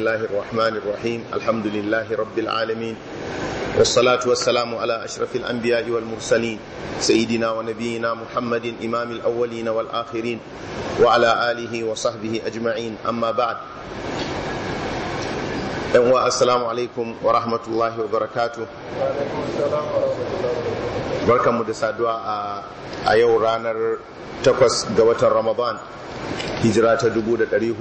الله الرحمن الرحيم الحمد لله رب العالمين والصلاة والسلام على أشرف الأنبياء والمرسلين سيدنا ونبينا محمد إمام الأولين والآخرين وعلى آله وصحبه أجمعين أما بعد yanwa assalamu alaikum wa rahmatullahi wa barakatu barkanmu da saduwa a yau ranar 8 ga watan ramadan hijira ta 437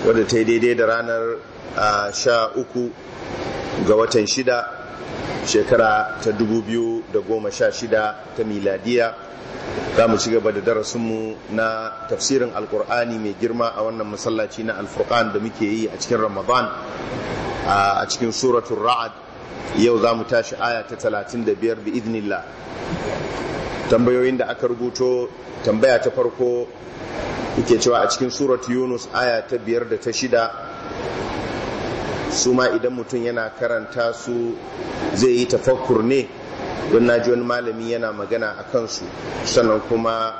wadda ta yi daidai da ranar sha uku ga watan shida shekara ta dubu biyu da goma sha shida ta miladiya za mu ci gaba da darasinmu na tafsirin alkur'ani mai girma a wannan masallaci na alfurkan da muke yi a cikin ramadan a cikin suratun ra'ad yau za mu tashi aya ta talatin da biyar bi idnillah tambayoyin da aka rubuto tambaya ta farko yake cewa a cikin surat yunus aya ta biyar da ta shida su ma idan mutum yana karanta su zai yi tafakkur ne don na ji wani malami yana magana a kansu sannan kuma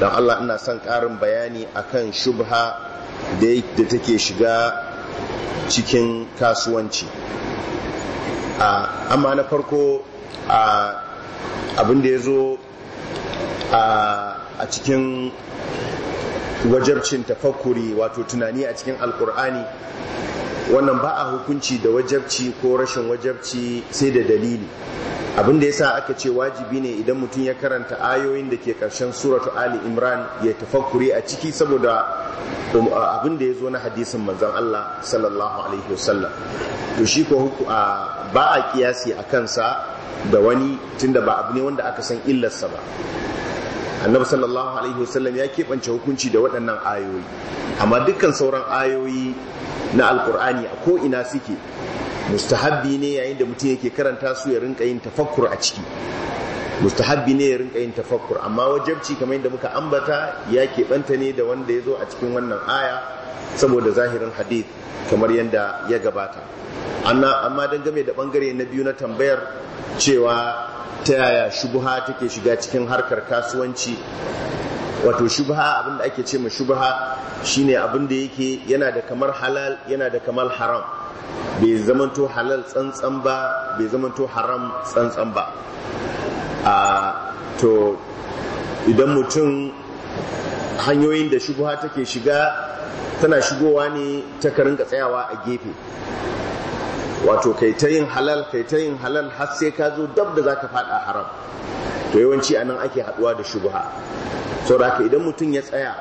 don allah ina son karin bayani a kan shubha da take shiga cikin kasuwanci amma na farko abin da ya zo a cikin wajabcin tafakkuri wato tunani a cikin alkur'ani wannan ba a hukunci da wajabci ko rashin wajabci sai da dalili abin da yasa aka ce wajibi ne idan mutum ya karanta ayoyin da ke karshen suratu ali imran ya tafakkuri a ciki saboda um, abin da ya zo na hadisin manzon Allah sallallahu alaihi wasallam to shi ko ba a kiyasi a kansa da wani tunda ba abu ne wanda aka san illarsa ba annabi sallallahu alaihi wasallam ya keɓance hukunci da waɗannan ayoyi amma dukkan sauran ayoyi na alkur'ani a ko ina suke mustahabbi ne yayin da mutum yake karanta su ya rinka yin tafakkur a ciki mustahabbi ne ya rinka yin tafakkur amma wajabci kamar yadda muka ambata ya keɓanta ne da wanda ya zo a cikin wannan aya saboda zahirin hadith kamar yadda ya gabata amma dangane da bangare na biyu na tambayar cewa ta yaya shubha take shiga cikin harkar kasuwanci wato shubha abin da ake ce ma shubha shine abin da yake yana da kamar halal yana da kamar haram bai zamanto halal tsantsan ba bai zamanto haram tsantsan ba a to idan mutum hanyoyin da shubha take shiga tana shigowa ne ta karinka tsayawa a gefe wato kai ta yin halal kai ta yin halal har sai ka zo dab da zaka fada haram to yawanci anan ake haduwa da shubha saboda ka idan mutum ya tsaya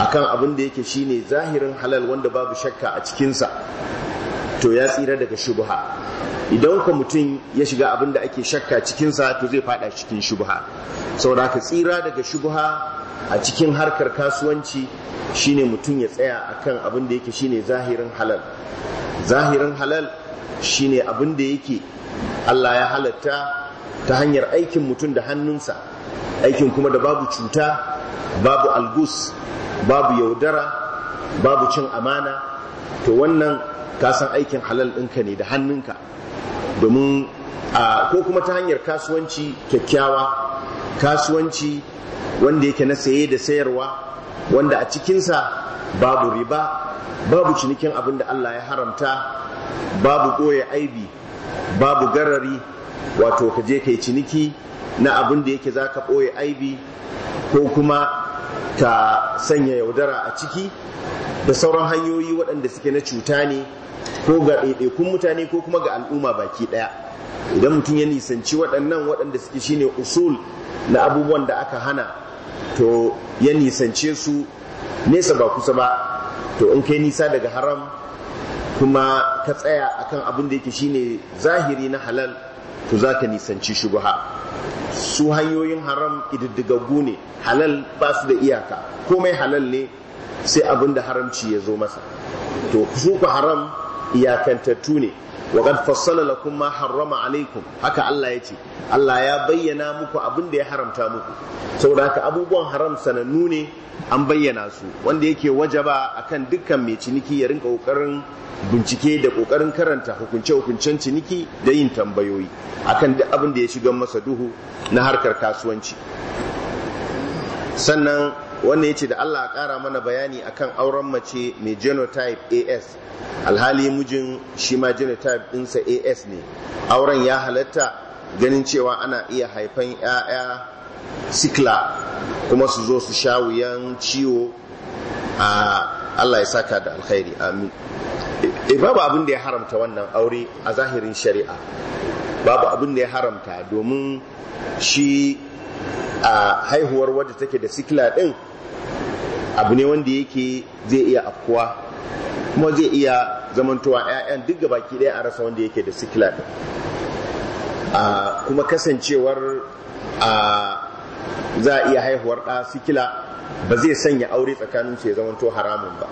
akan abin da yake shine zahirin halal wanda babu shakka a cikinsa to ya tsira daga shubha idan ka mutum ya shiga abin da ake shakka cikinsa to zai fada cikin shubha saboda ka tsira daga shubha a cikin harkar kasuwanci shine mutum ya tsaya akan abin da yake shine zahirin halal zahirin halal shine abin da yake Allah ya halatta ta hanyar aikin mutum da hannunsa aikin kuma da babu cuta babu algus babu yaudara babu cin amana to wannan kasan aikin halal ɗinka ne da hannunka domin ko kuma ta hanyar kasuwanci kyakkyawa kasuwanci wanda yake na saye da sayarwa wanda a cikinsa babu riba babu cinikin abin da Allah ya haramta babu ɓoye aibi babu garari wato ka je ka yi ciniki na abin da yake za ka ɓoye aibi ko kuma ka sanya yaudara a ciki da sauran hanyoyi waɗanda suke na cuta ne ko ga ɗaiɗaikun mutane ko kuma ga al'umma baki ɗaya idan mutum ya nisanci waɗannan waɗanda suke shine usul na abubuwan da aka hana to ya nisance su nesa ba kusa ba to in kai nisa daga haram kuma ka tsaya akan abin da yake shine zahiri na halal to za ka nisanci shubha su hanyoyin haram ididdigaggu ne halal ba su da iyaka komai halal ne sai abin da haramci ya zo masa to su ku haram iyakantattu ne وقد فصل لكم ma harrama alaikum haka Allah yace Allah ya bayyana muku abin da ya haramta muku saboda haka abubuwan haram sanannu ne an bayyana su wanda yake wajaba akan dukkan mai ciniki ya rinka kokarin bincike da kokarin karanta hukunce hukuncen ciniki da yin tambayoyi akan duk abin da ya shiga masa duhu na harkar kasuwanci sannan wannan yace da Allah ya kara mana bayani akan auren mace mai genotype AS alhali mijin shi ma genotype ɗinsa AS ne auren ya halatta ganin cewa ana iya haifan 'ya'ya sikla kuma su zo su sha wuyan ciwo a Allah ya saka da alkhairi amin e, babu abin da ya haramta wannan aure a zahirin shari'a babu abin da ya haramta domin shi a haihuwar wadda take da sikila ɗin abu ne wanda yake zai iya afkuwa kuma zai iya zamantowa 'ya'yan duk baki ɗaya a rasa wanda yake da sikila ɗin kuma kasancewar za a iya haihuwar ɗa sikila ba zai sanya aure tsakanin su ya zamanto haramun ba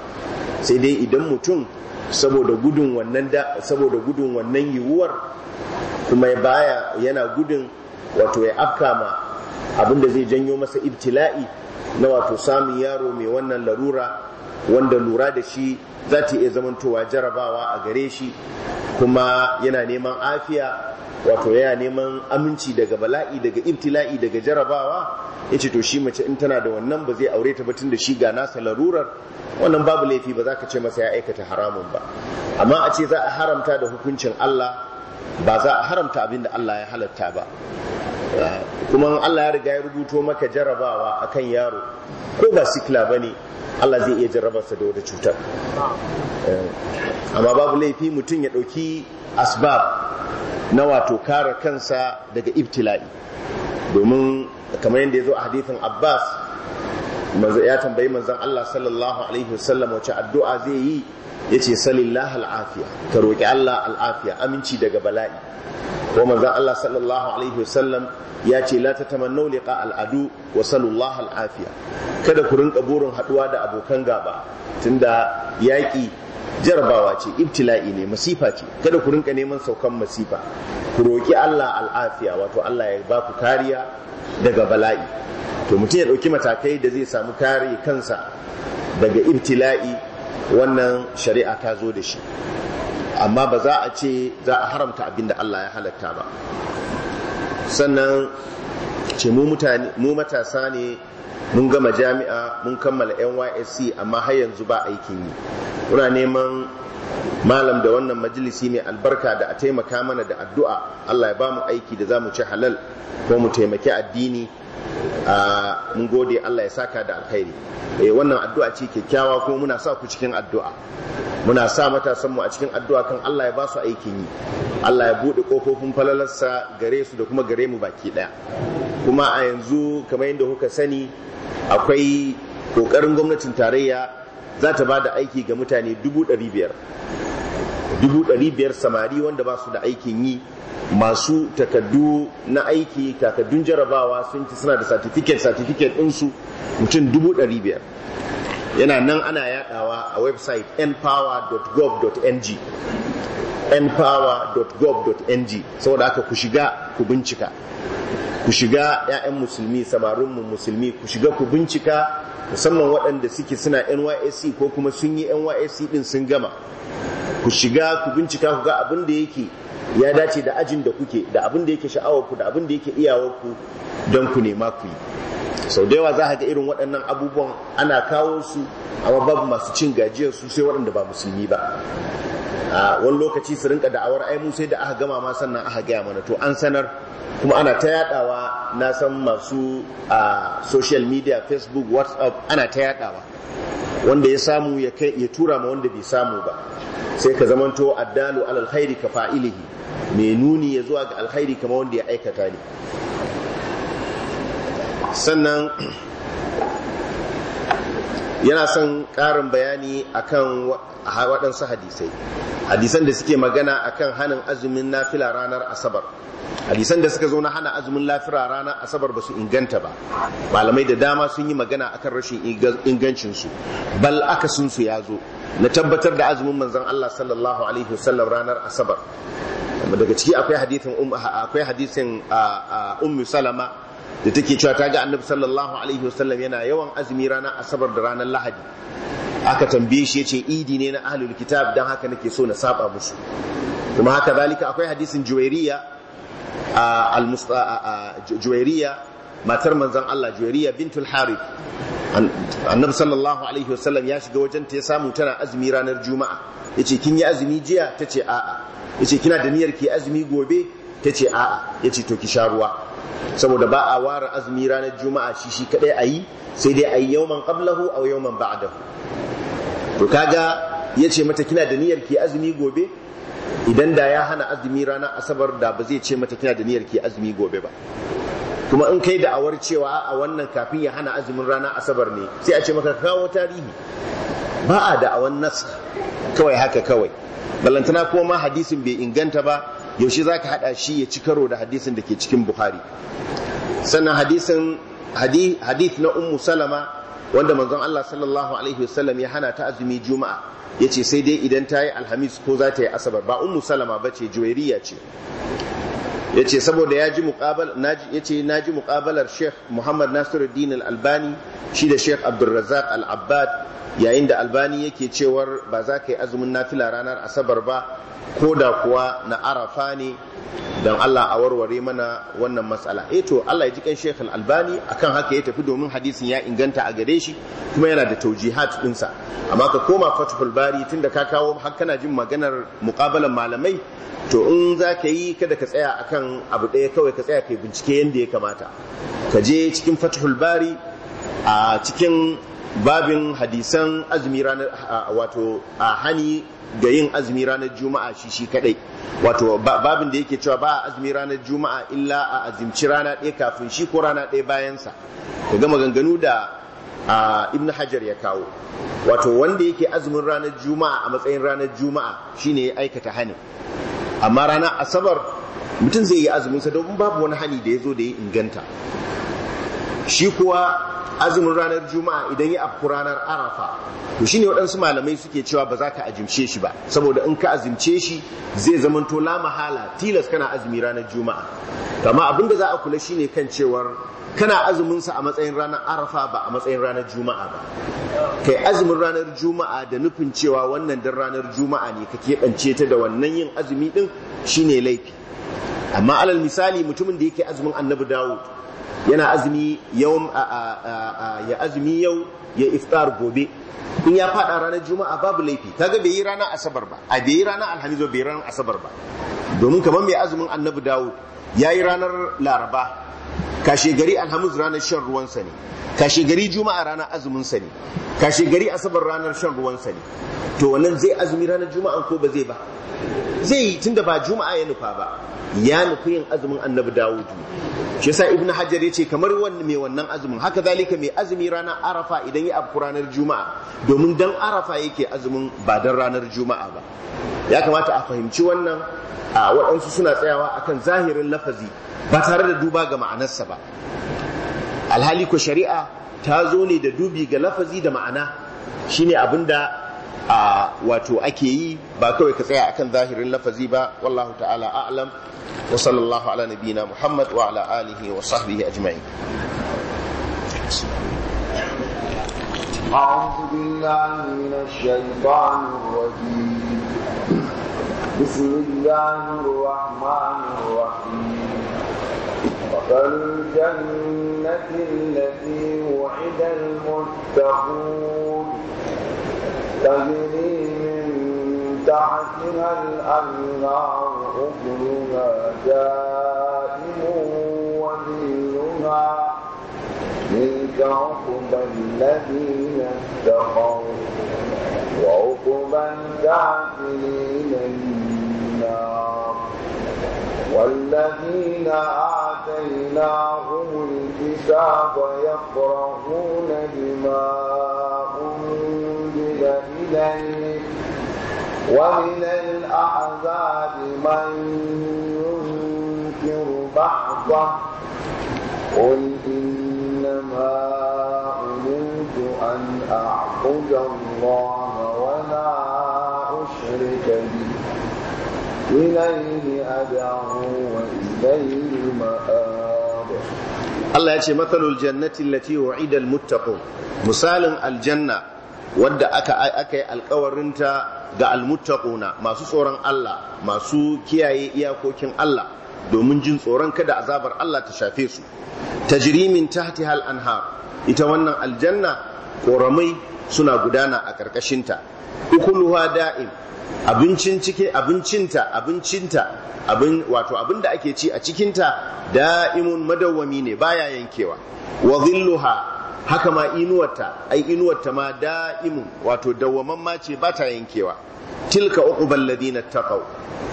sai dai idan mutum saboda gudun wannan saboda gudun wannan yiwuwar kuma ya baya yana gudun wato ya afkama. abinda zai janyo masa ibtila'i na wato samun yaro mai wannan larura wanda lura da shi za ta iya zamantowa jarabawa a gare shi kuma yana neman afiya wato yana neman aminci daga bala'i daga ibtila'i daga jarabawa ya ce to shi mace in tana da wannan ba zai aure ta batun da shi ga nasa larurar wannan babu laifi ba za ka ce masa ya aikata haramun ba amma a ce za a haramta da hukuncin Allah ba za a haramta abin da Allah ya halatta ba kuma Allah ya riga ya rubuto maka jarabawa akan yaro ko ba sikla ba ne Allah zai iya jarrabarsa da wata cutar eh, amma babu laifi mutum ya ɗauki asbab na wato kare kansa daga ibtila'i domin kamar yadda ya zo a hadithin abbas ya tambayi manzan Allah sallallahu alaihi wasallam wace addu'a zai yi ya ce salillah al'afiya ka roƙi Allah al'afiya aminci daga bala'i wa manzon Allah sallallahu alaihi wasallam ya ce la tatamannu liqa al'adu wa sallallahu al'afiya kada ku rinka burin haduwa da abokan gaba tunda yaki jarabawa ce ibtila'i ne masifa ce kada ku rinka neman saukan masifa ku roƙi Allah al'afiya wato Allah ya ba ku kariya daga bala'i to mutum ya ɗauki matakai da zai samu kare kansa daga ibtila'i wannan shari'a ta zo da shi amma ba za a ce za a haramta abin da Allah ya halatta ba sannan ce mu mu matasa ne mun gama jami'a mun kammala NYSC amma har yanzu ba aikin yi muna neman malam da wannan majalisi mai albarka da a taimaka mana da addu'a Allah ya ba mu aiki da za mu ci halal ko mu taimaki addini mun gode Allah ya saka da alkhairi eh wannan addu'a ce kyakkyawa kuma muna sa ku cikin addu'a muna sa matasan mu a cikin addu'a kan Allah ya ba su aikin yi Allah ya bude kofofin falalarsa gare su da kuma gare mu baki daya kuma a yanzu kamar yadda kuka sani akwai kokarin gwamnatin tarayya za ta ba da aiki ga mutane dubu ɗari biyar dubu ɗari biyar samari wanda ba su da aikin yi masu takaddu na aiki takaddun jarabawa sun ci suna da certificate certificate ɗinsu mutum dubu ɗari biyar yana nan ana yadawa a website npower.gov.ng npower.gov.ng saboda haka ku shiga ku bincika ku shiga 'ya'yan musulmi samarinmu musulmi ku shiga ku bincika musamman waɗanda suke suna nysc ko kuma sun yi nysc ɗin sun gama ku shiga ku bincika ku ga abin da yake ya dace da ajin da kuke da abin da yake sha'awarku da abin da yake iyawarku don ku nema ku yi sau da yawa za ga irin waɗannan abubuwan ana kawo su a babu masu cin gajiyar su sai waɗanda ba musulmi ba a wani lokaci su rinka da'awar ai mu sai da aka gama ma sannan aka gaya mana to an sanar kuma ana ta yadawa na san masu a social media facebook whatsapp ana ta yadawa wanda ya samu ya kai ya tura ma wanda bai samu ba sai ka zamanto addalu alal khairi ka fa'ilihi mai nuni ya zuwa ga alkhairi kamar wanda ya aikata ne sannan yana son ƙarin bayani akan waɗansu hadisai hadisan da suke magana akan hanin azumin nafila ranar asabar hadisan da suka zo na hana azumin lafira ranar asabar ba su inganta ba malamai da dama sun yi magana akan rashin ingancinsu bal aka su ya zo na tabbatar da azumin manzon Allah sallallahu alaihi wasallam ranar asabar daga ciki akwai hadisin um-, akwai hadisin salama da take cewa ta ga annabi sallallahu alaihi wasallam yana yawan azumi ranar asabar da ranar lahadi aka tambaye shi yace idi ne na ahlul kitab dan haka nake so na saba musu kuma haka zalika akwai hadisin juwairiya juwairiya matar manzon Allah juwairiya bintul harith annabi sallallahu alaihi wasallam ya shiga wajen ta ya samu tana azumi ranar juma'a yace kin yi azumi jiya tace a'a yace kina da niyyar ki azumi gobe tace a'a yace to ki sha ruwa saboda ba a ware azumi ranar juma'a shi shi kadai a yi sai dai a yi yau kablahu a yau man ba'adar to kaga yace mata kina da niyyar ke azumi gobe idan da ya hana azumi ranar asabar da ba zai ce mata kina da niyar ke azumi gobe ba kuma in kai da'awar cewa a wannan kafin ya hana azumin ranar asabar ne sai a ce maka kawo tarihi ba a da'awar nasa. kawai haka kawai balantana kuma ma hadisin bai inganta ba yaushe za ka haɗa shi ya ci karo da hadisin da ke cikin buhari sannan hadisin hadith na ummu salama wanda manzon Allah sallallahu alaihi wasallam ya hana ta azumi juma'a ya ce sai dai idan ta yi alhamis ko za ta yi asabar ba ummu salama ba ce juwairiya ce yace saboda ya ji muƙabalar Sheikh Muhammad Nasiruddin Al-Albani shi da Sheikh abdulrazak Al-Abbad yayin da Albani yake cewar ba za ka yi azumin nafila ranar Asabar ba ko da kuwa na Arafa ne don Allah a warware mana wannan matsala eh to Allah ya ji kan Sheikh Al-Albani akan haka ya tafi domin hadisin ya inganta a gare shi kuma yana da taujihat sa amma ka koma Fathul Bari tunda ka kawo har kana jin maganar muqabalan malamai to in za ka yi kada ka tsaya akan abu ɗaya kawai ka tsaya kai bincike yadda ya kamata ka je cikin Fathul Bari a cikin babin hadisan azumi ranar wato a hani ga yin azumi ranar juma'a shi shi kadai wato babin da yake cewa ba azumi ranar juma'a illa a azimci rana ɗaya kafin shi ko rana ɗaya bayansa ka gama ganganu da ibn hajar ya kawo wato wanda yake azumin ranar juma'a a matsayin ranar juma'a shine ya aikata hani amma rana asabar mutum zai yi azumin sa domin babu wani hani da ya zo da ya inganta shi kuwa azumin ranar juma'a idan ya afku ranar arafa to shine waɗansu malamai suke cewa ba za ka azumce shi ba saboda in ka azumce shi zai zamanto la mahala tilas kana azumi ranar juma'a amma abin da za a kula shine kan cewar kana azumin a matsayin ranar arafa ba a matsayin ranar juma'a ba kai azumin ranar juma'a da nufin cewa wannan dan ranar juma'a ne ka keɓance ta da wannan yin azumi din shine laifi amma alal misali mutumin da yake azumin annabi dawud yana azumi yau ya azumi yau ya iftar gobe in ya fada ranar juma'a babu laifi kaga bai yi ranar asabar ba a bai yi ranar alhamis bai yi ranar asabar ba domin kamar mai azumin annabi dawud ya yi ranar laraba kashe gari alhamis ranar shan ruwansa ne kashe gari juma'a ranar azuminsa ne kashe gari asabar ranar shan ruwansa ne to wannan zai azumi ranar juma'a ko ba zai ba zai yi tunda ba juma'a ya nufa ba ya nufi yin azumin annabi dawudu shi yasa ibnu hajar ya ce kamar wannan mai wannan azumin haka zalika mai azumi ranar arafa idan ya afku ranar juma'a domin dan arafa yake azumin ba dan ranar juma'a ba ya kamata a fahimci wannan a waɗansu suna tsayawa akan zahirin lafazi ba tare da duba ga ma'anarsa ba alhali ko shari'a ta zo ne da dubi ga lafazi da ma'ana shine abin da wato ake yi ba kawai ka tsaya akan zahirin lafazi ba wallahu ta'ala a'lam wa sallallahu ala nabiyina muhammad wa ala alihi wa sahbihi ajma'in أعوذ بالله من الشيطان الرجيم بسم الله الرحمن الرحيم الجنة التي وعد المتقون تجري من تحتها الأنهار أكلها دائم وذلها تلك عقبى الذين اتقوا وعقبى الكافرين النار والذين آتيناهم الكتاب يفرحون بما أنزل إليك ومن الأحزاب من ينكر بعضه قل إنما أمرت أن أعبد الله ولا أشرك allah أدعو وإليه المآب الله يأتي مثل الجنة التي وعد المتقون wadda aka aka yi alkawarinta ga na masu tsoron Allah masu kiyaye iyakokin Allah domin jin tsoron kada azabar Allah ta shafe su tajrimin tahtiha al-anhar ita wannan aljanna koramai suna gudana a karkashinta ukuluha da'im abincin cike abincinta abincinta abin wato abin da ake ci a cikinta da'imun madawwami ne baya yankewa wa zilluha haka ma inuwarta ai inuwarta ma da'imun wato dawwaman ma ce ba ta yankewa tilka uqbal ladina taqaw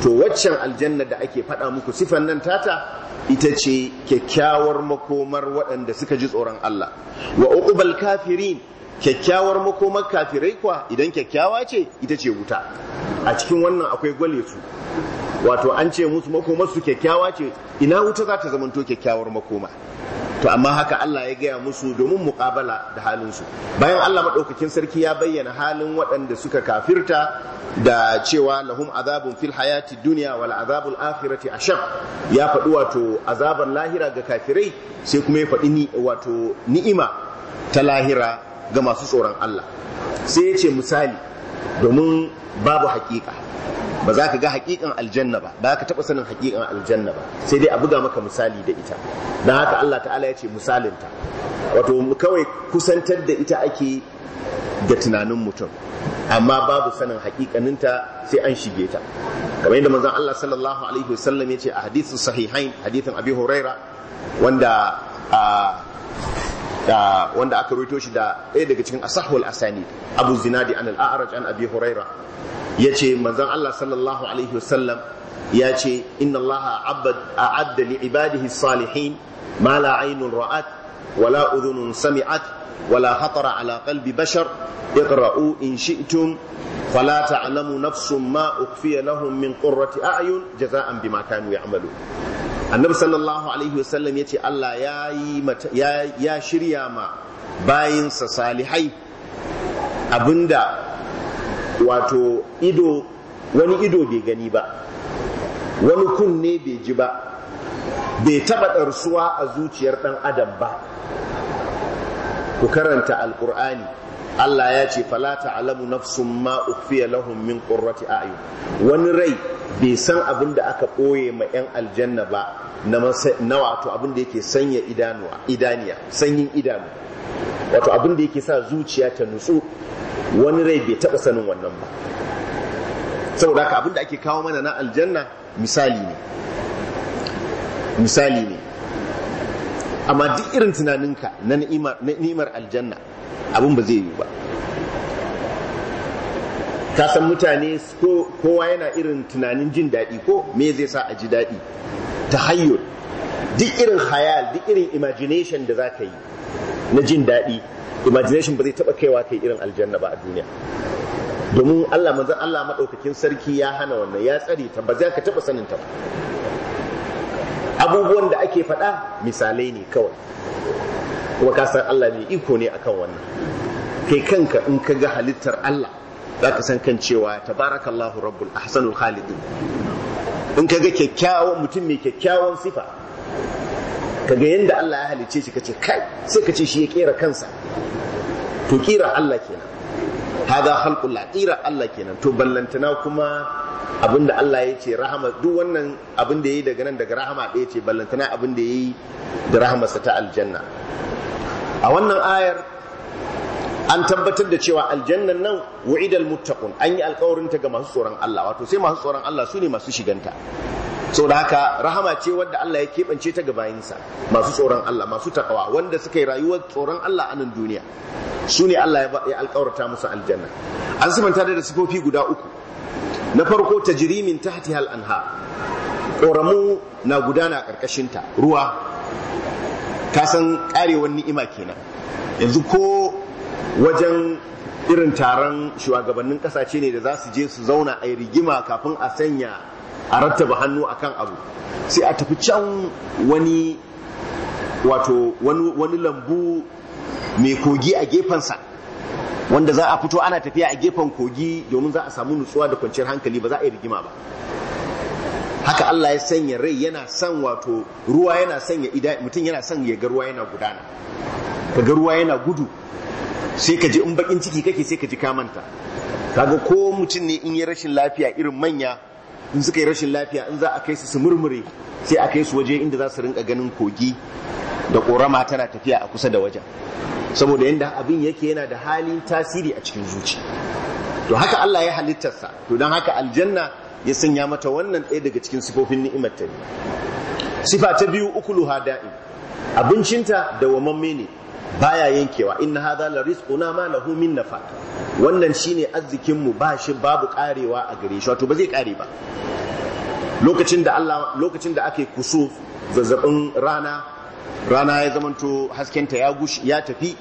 to waccan aljanna da ake faɗa muku sifan nan tata ita ce kyakkyawar makomar waɗanda suka ji tsoron Allah wa uqbal kafirin kyakkyawar makomar kafirai kuwa idan kyakkyawa ce ita ce wuta a cikin wannan akwai gwale su wato an ce musu makomar su kyakkyawa ce ina wuta za ta zamanto kyakkyawar makoma to amma haka Allah ya gaya musu domin muƙabala da halin su. bayan Allah maɗaukakin sarki ya bayyana halin waɗanda suka kafirta da cewa lahum azabun fil hayati duniya wal azabul akhirati ashab ya faɗi wato azabar lahira ga kafirai sai kuma ya faɗi wato ni'ima ta lahira ga masu tsoron Allah sai ya ce misali domin babu hakika ba za ka ga hakikan aljanna ba ba ka taba sanin hakikan aljanna ba sai dai a buga maka misali da ita don haka Allah ta'ala ya ce misalinta wato kawai kusantar da ita ake ga tunanin mutum amma babu sanin hakikaninta sai an shige ta kamar yadda manzon Allah sallallahu alaihi wasallam ya ce a hadithin sahihain hadithin Abi Huraira wanda a ah, Da wanda aka ruwaito shi da ɗaya daga cikin asahul asani abu zinadi an al'araj an abi huraira ya ce manzon allah sallallahu alaihi wasallam ya ce inna a 'adda li ibadihi salihin ma la aynun ra'at wala udunun sami'at ولا خطر على قلب بشر اقرأوا إن شئتم فلا تعلم نفس ما أخفي لهم من قرة أعين جزاء بما كانوا يعملون النبي صلى الله عليه وسلم يتي الله يا يا يا شريا ما باين صالحي أبندا واتو إدو wani ido bai gani ba wani kunne bai ji ba bai taɓa ɗarsuwa a zuciyar ɗan adam ba ku karanta alkur'ani Allah ya ce fala ta'lamu nafsun ma ukhfiya lahum min qurrati a'yun wani rai bai san abin da aka ɓoye ma 'yan aljanna ba na wato abin da yake sanya idaniya sanyin idanu wato abin da yake sa zuciya ta nutsu wani rai bai taba sanin wannan ba saboda haka abin da ake kawo mana na aljanna misali ne misali ne amma duk irin tunaninka na ni'imar aljanna abin ba zai yi ba ka san mutane kowa yana irin tunanin jin daɗi ko me zai sa a ji daɗi ta hayyul duk irin hayal duk irin imagination da za ka yi na jin daɗi imagination ba zai taɓa kaiwa kai irin aljanna ba a duniya domin Allah manzon Allah maɗaukakin sarki ya hana wannan ya tsare ta ba za ka taɓa sanin ta ba abubuwan da ake faɗa misalai ne kawai kuma ka san Allah mai iko ne akan wannan kai kanka in ka ga halittar Allah za ka san kan cewa tabarakallahu rabbul ahsanul khalidin in ka ga kyakkyawan mutum mai kyakkyawan sifa ka ga yadda Allah ya halicce shi kace kai sai ka shi ya kera kansa to kira Allah kenan hada halkul la'ira Allah kenan to ballantana kuma abinda Allah ya ce rahama duk wannan abinda yayi daga nan daga rahama ɗaya ce ballantana abinda yi da rahamarsa ta aljanna a wannan ayar an tabbatar da cewa aljannan nan wa'idal muttaqun an yi alƙawarin ta ga masu tsoron Allah wato sai masu tsoron Allah su ne masu shiganta saboda haka rahama ce wadda Allah ya keɓance ta ga bayinsa masu tsoron Allah masu takawa wanda suka yi rayuwar tsoron Allah a nan duniya su ne Allah ya alƙawarta musu aljanna an sifanta da sifofi guda uku na farko ta hati al anha. ƙoramu na gudana ƙarƙashinta ruwa ka san ƙarewar ni'ima kenan yanzu ko wajen irin taron shugabannin ƙasashe ne da za su je su zauna a rigima kafin a sanya a rattaba hannu akan abu sai a tafi can wani wato wani lambu mai kogi a gefensa wanda za a fito ana tafiya a gefen kogi domin za a samu nutsuwa da kwanciyar hankali ba za a yi rigima ba haka Allah ya sanya rai yana san wato ruwa yana sanya ida mutum yana san ya ga yana gudana ka ga ruwa yana gudu sai ka ji in bakin ciki kake sai ka ji kamanta kaga ko mutum ne in yi rashin lafiya irin manya in suka yi rashin lafiya in za a kai su su murmure sai a kai su waje inda za su rinka ganin kogi da korama tana tafiya a kusa da wajen saboda yadda abin yake yana da halin tasiri a cikin zuci to haka Allah ya halittarsa to don haka aljanna ya sanya mata wannan ɗaya daga cikin sifofin ni'imar ta sifa ta biyu ukuluha da'im abincinta dawamamme ne baya yankewa inna hadha la rizquna ma lahu min nafa wannan shine arzikin mu ba shi babu karewa a gare shi wato ba zai kare ba lokacin da Allah lokacin da ake kusuf zazzabin rana rana ya zamanto ta ya gushi ya tafi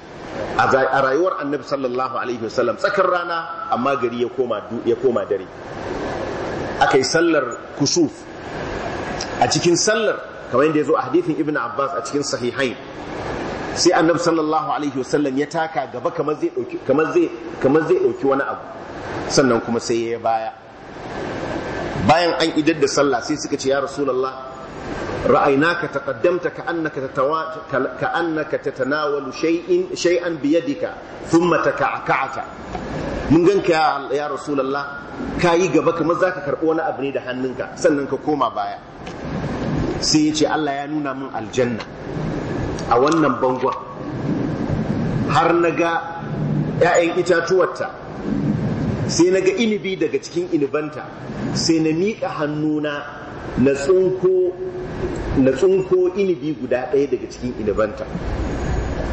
a rayuwar annabi sallallahu alaihi wasallam tsakar rana amma gari ya koma ya koma dare akai sallar kusuf a cikin sallar kamar yadda ya zo a hadithin ibn abbas a cikin sahihain sai annabi sallallahu alaihi wasallam ya taka gaba kamar zai dauki wani abu sannan kuma sai ya baya bayan an idar da sallah sai suka ce ya rasulullah ra'aynaka taqaddamta ka'annaka tatawa ka'annaka tatanawalu shay'in shay'an bi yadika thumma taka'ata mun ganka ya rasulullah yi gaba kamar zaka karbo wani abu ne da hannunka sannan ka koma baya sai ya ce Allah ya nuna min aljanna a wannan bangon har na ga 'ya'yan itatuwarta sai na ga inibi daga cikin inibanta sai na miƙa hannuna na tsunko inibi guda ɗaya daga cikin inibanta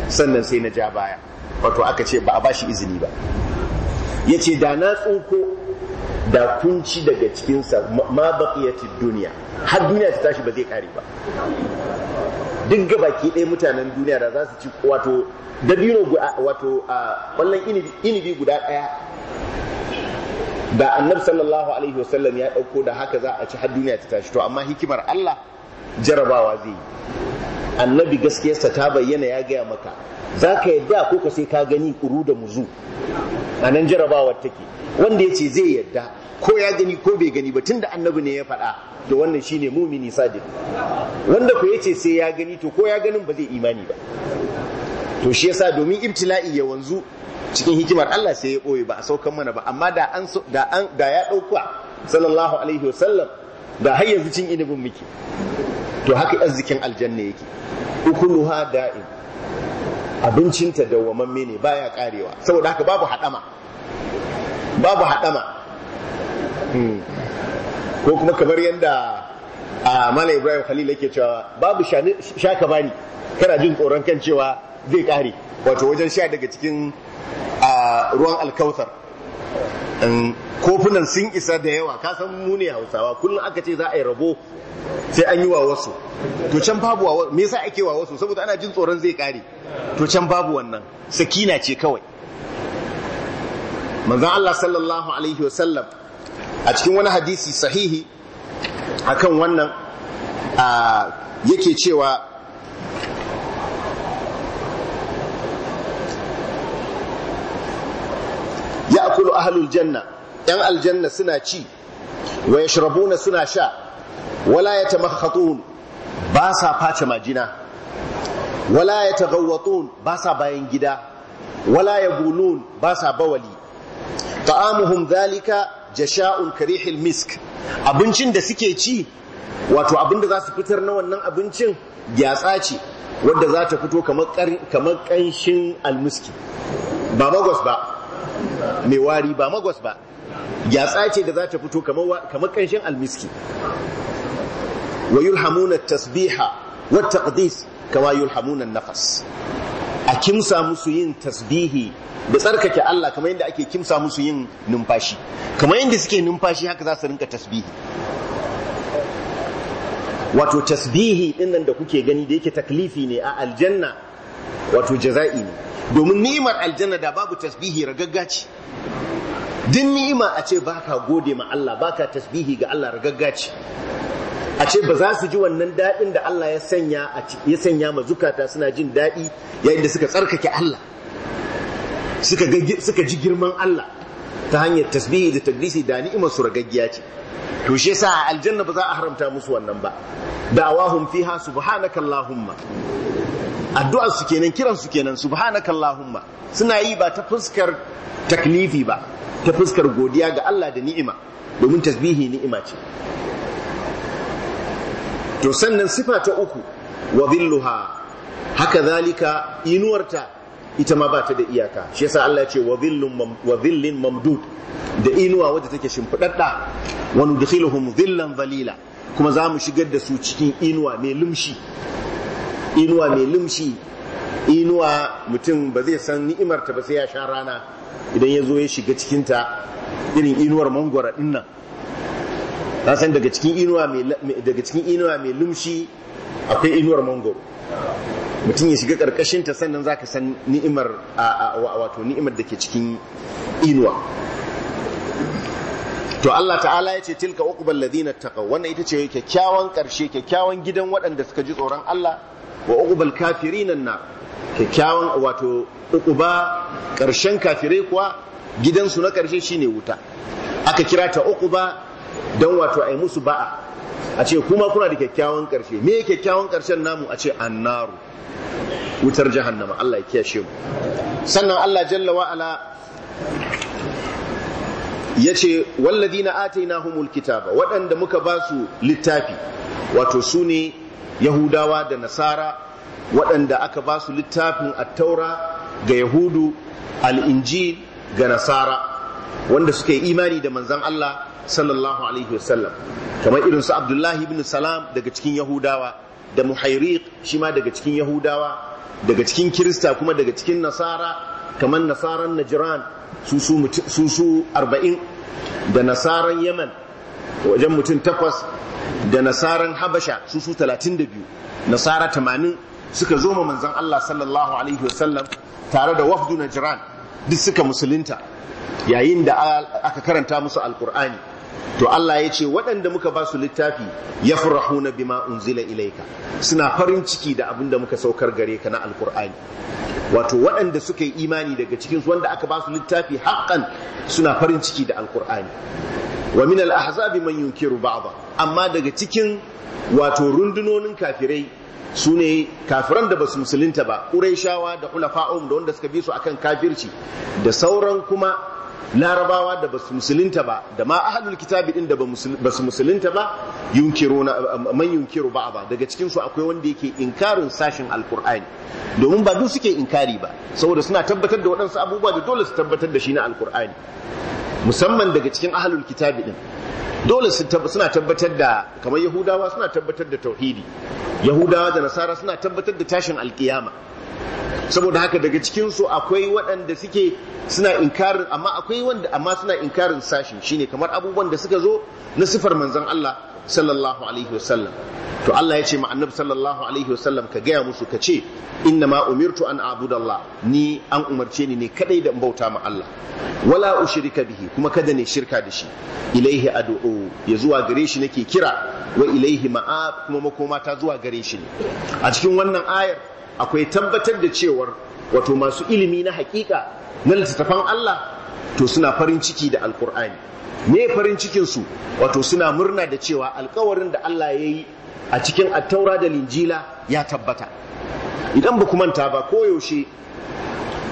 sannan sai na ja baya wato aka ce ba a ba shi izini ba ya ce da na tsunko da kunci daga cikinsa ma baƙiyatid duniya har duniya ta tashi ba zai ƙare ba duk baki ɗaya mutanen duniya da za su ci wato dabino wato ƙwallon inibi guda ɗaya da annabi sallallahu alaihi wasallam ya ɗauko da haka za a ci har duniya ta tashi to amma hikimar Allah jarabawa zai yi annabi gaskiyarsa ta bayyana ya gaya maka za ka yadda ko ka sai ka gani kuru da muzu a nan jarabawar take wanda ya ce zai yadda ko ya gani ko bai gani ba tunda annabi ne ya faɗa to wannan shine mumini sadiq wanda ko yace sai ya gani to ko ya ganin ba zai imani ba to shi yasa domin ibtila'i ya wanzu cikin hikimar Allah sai ya boye ba a saukan mana ba amma da an da an da ya dauka sallallahu alaihi wasallam da har yanzu cin inibin muke to haka arzikin aljanna yake ukuluha da'im abincinta dawwamamme ne baya karewa saboda haka babu hadama babu hadama Hmm. ko kuma kamar yadda a mala ibrahim khalil yake cewa babu shaka bani kana jin tsoron kan cewa zai kare wato wajen sha daga cikin ruwan alkautar kofunan sun isa da yawa ka san mu ne hausawa kullum aka ce za a yi rabo sai an yi wa wasu to can babu wa me yasa ake wa wasu saboda ana jin tsoron zai kare to can babu wannan sakina ce kawai manzon Allah sallallahu alaihi wasallam a cikin wani hadisi sahihi akan wannan yake cewa ya akulu ahalul janna yan aljanna suna ci wa yashrabuna suna sha wala yatamakhatun ba sa face majina wala yataghawwatun ba sa bayan gida wala bulun ba sa bawali ta'amuhum dhalika jasha'un karihil misk abincin da suke ci wato abin da za su fitar na wannan abincin gyatsa ce wadda za ta fito kamar kanshin almuski ba magos ba mai wari ba magwas ba gyatsa ce da za ta fito kamar kanshin almiski wa yulhamuna tasbiha wa taqdis kama yulhamunan nafas kimsa musu yin tasbihi da tsarkake Allah kamar yadda ake kimsa musu yin numfashi kamar yadda suke numfashi haka za su rinka tasbihi wato tasbihi din da kuke gani da yake taklifi ne a aljanna wato jaza'i ne domin ni'imar aljanna da babu tasbihi ragaggaci duk ni'ima a ce baka gode ma Allah baka tasbihi ga Allah ragaggaci gaggaci. a ce ba za su ji wannan daɗin da Allah ya sanya a ya sanya ma zukata suna jin daɗi yayin da suka tsarkake Allah suka ji girman Allah ta hanyar tasbihi da tadlisi da ni'imar su ragaggiya ce to shi yasa a aljanna ba za a haramta musu wannan ba da'awahum fiha subhanaka addu'ar su kenan kiran su kenan subhanaka suna yi ba ta fuskar taklifi ba ta fuskar godiya ga Allah da ni'ima domin tasbihi ni'ima ce to sannan sifa ta uku wa dhilluha haka zalika inuwarta ita ma ba ta da iyaka shi yasa Allah ya ce wa dhillin mamdud da inuwa wadda take shimfidadda wa nudkhiluhum dhillan dhalila kuma za mu shigar da su cikin inuwa mai lumshi inuwa mai lumshi inuwa mutum ba zai san ni'imarta ba sai ya sha rana idan ya zo ya shiga cikinta irin inuwar mangwara dinnan na san daga cikin inuwa mai lumshi akwai inuwar mangoro mutum ya shiga karkashin ta sannan zaka san ni'imar wato ni'imar da ke cikin inuwa to Allah ta'ala ya ce tilka uqbal ladina taqaw wannan ita ce kyakkyawan karshe kyakkyawan gidan waɗanda suka ji tsoron Allah wa uqbal kafirin na kyakkyawan wato uquba karshen kafirai kuwa gidansu na karshe shine wuta aka kira ta uquba don wato a yi musu ba'a a ce kuma kuna da kyakkyawan karshe me kyakkyawan karshen namu a ce annaru wutar jahannama Allah ya kiyashe mu sannan Allah jalla wa ala yace walladina atainahumul ba, waɗanda muka ba su littafi wato su ne yahudawa da nasara waɗanda aka ba su littafin taura ga yahudu al al'injil ga nasara wanda suka yi imani da manzan Allah sallallahu alaihi wasallam kamar irin su abdullahi ibn salam daga cikin yahudawa da muhairiq shi ma daga cikin yahudawa daga cikin kirista kuma daga cikin nasara kamar nasaran najran su su su arba'in da nasaran yaman wajen mutum takwas da nasaran habasha su su talatin da biyu nasara tamanin suka zo ma manzan Allah sallallahu alaihi wasallam tare da wafdu najran duk suka musulunta yayin da aka karanta musu alkur'ani to Allah ya ce waɗanda muka ba su littafi ya na bima unzila ilaika suna farin ciki da abin da muka saukar gare ka na alkur'ani wato waɗanda suka yi imani daga cikin wanda aka ba su littafi haƙƙan suna farin ciki da alkur'ani wa min al-ahzabi man yunkiru ba'dha amma daga cikin wato rundunonin kafirai su ne kafiran da basu musulunta ba ƙuraishawa da hulafa'um da wanda suka bi su akan kafirci da sauran kuma larabawa da basu musulunta ba da ma ahlul kitabi din da basu musulunta ba na man yunkiru ba ba daga cikin su akwai wanda yake inkarin sashin alqur'ani domin ba duk suke inkari ba saboda suna tabbatar da waɗansu abubuwa da dole su tabbatar da shi na alqur'ani musamman daga cikin ahalul kitabi din dole suna tabbatar da kamar yahudawa suna tabbatar da tauhidi yahudawa da nasara suna tabbatar da tashin alkiyama saboda haka daga cikin su akwai waɗanda suke suna inkarin amma akwai wanda amma suna inkarin sashin shine kamar abubuwan da suka zo na sifar manzon Allah sallallahu alaihi wasallam to Allah ya ce ma annabi sallallahu alaihi wasallam ka gaya musu ka ce inna ma umirtu an abudallah ni an umarce ni ne kadai da bauta ma Allah wala ushrika bihi kuma kada ne shirka da shi ilaihi ad'u ya zuwa gare shi nake kira wa ilaihi ma'ab kuma makoma ta zuwa gare shi ne a cikin wannan ayar akwai tabbatar da cewar wato masu ilimi na hakika na littattafan Allah to suna farin ciki da alkur'ani me farin cikin su wato suna murna da cewa alkawarin da Allah ya yi a cikin attaura da linjila ya tabbata idan ba manta ba koyaushe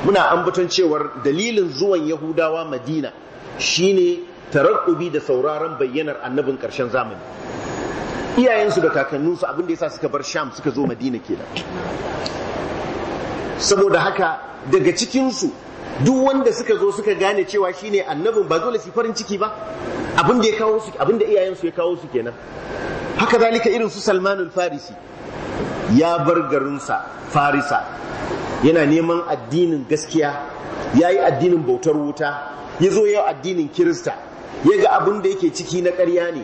muna ambaton cewar dalilin zuwan yahudawa madina shine tarakkubi da sauraron bayyanar annabin ƙarshen zamani iyayensu da kakanninsu abinda sa suka bar sham suka zo madina kenan saboda haka daga cikinsu duk wanda suka zo suka gane cewa shi ne annabin ba dole su farin ciki ba abin iyayensu ya kawo su kenan haka zalika irin su Salmanul Farisi ya bar garinsa Farisa yana neman addinin gaskiya ya yi addinin bautar wuta ya zo yau addinin Kirista ya ga abin da yake ciki na karya ne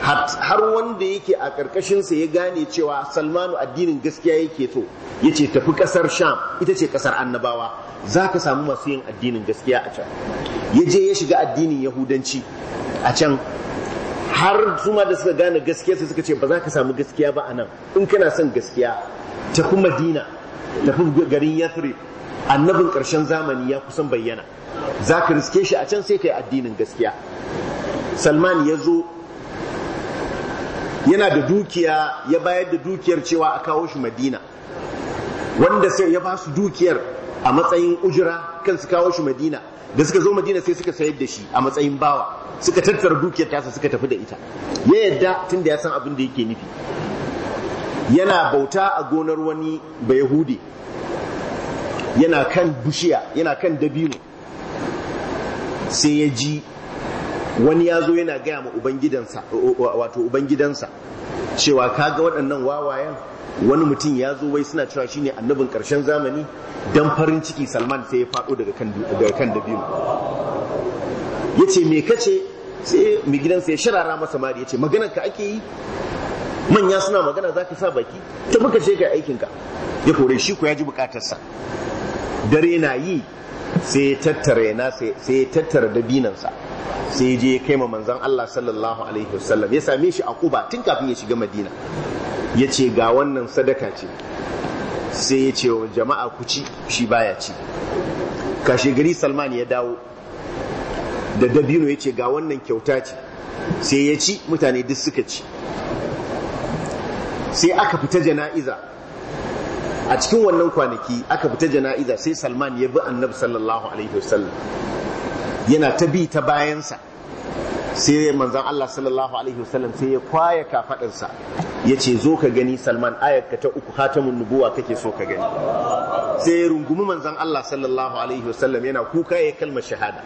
har wanda yake a ƙarƙashinsa ya gane cewa salmanu addinin gaskiya yake so ya ce tafi ƙasar sham ita ce ƙasar annabawa za ka samu masu yin addinin gaskiya a can ya je ya shiga addinin yahudanci a can har suma da suka gane gaskiya sai suka ce ba za ka samu gaskiya ba a nan in kana son gaskiya tafi madina tafi garin yathrib annabin ƙarshen zamani ya kusan bayyana za ka riske shi a can sai ka yi addinin gaskiya salman ya zo yana da dukiya ya bayar da dukiyar cewa a kawo shi madina wanda sai ya ba su dukiyar a matsayin ujira kan su kawo shi madina da suka zo madina sai suka sayar da shi a matsayin bawa suka tattara dukiyar tasa suka tafi da ita ya yadda tun da ya san abin da yake nufi yana bauta a gonar wani bayahudi yana kan bishiya yana kan dabino sai ya ji wani ya zo yana gaya ma ubangidansa wato ubangidansa cewa kaga waɗannan wawayen wani mutum ya zo wai suna cewa ne annabin ƙarshen zamani don farin ciki salman sai ya faɗo daga kan daga Ya ce me kace sai mai gidansa ya shirara masa mari yace maganar ka ake yi manya suna magana za ka sa baki ta muka ce ka aikin ka ya kore shi ko ya ji bukatarsa dare na yi sai tattara sai ya tattara dabinansa sai je ya kai ma manzon Allah sallallahu alaihi wasallam ya same shi a kuba tun kafin ya shiga Madina ya ce ga wannan sadaka ce sai ya ce wa jama'a ku ci shi baya ci kashe gari Salman ya dawo da dabino ya ce ga wannan kyauta ce sai ya ci mutane duk suka ci sai aka fita jana'iza a cikin wannan kwanaki aka fita jana'iza sai salman ya bi annabi sallallahu alaihi wasallam yana ta bi ta bayansa sai manzon Allah sallallahu alaihi wasallam sai ya kwaya kafadarsa ya ce zo ka gani Salman ka ta uku hatamun nubuwa kake so ka gani sai ya rungumi manzon Allah sallallahu alaihi wasallam yana kuka ya kalma shahada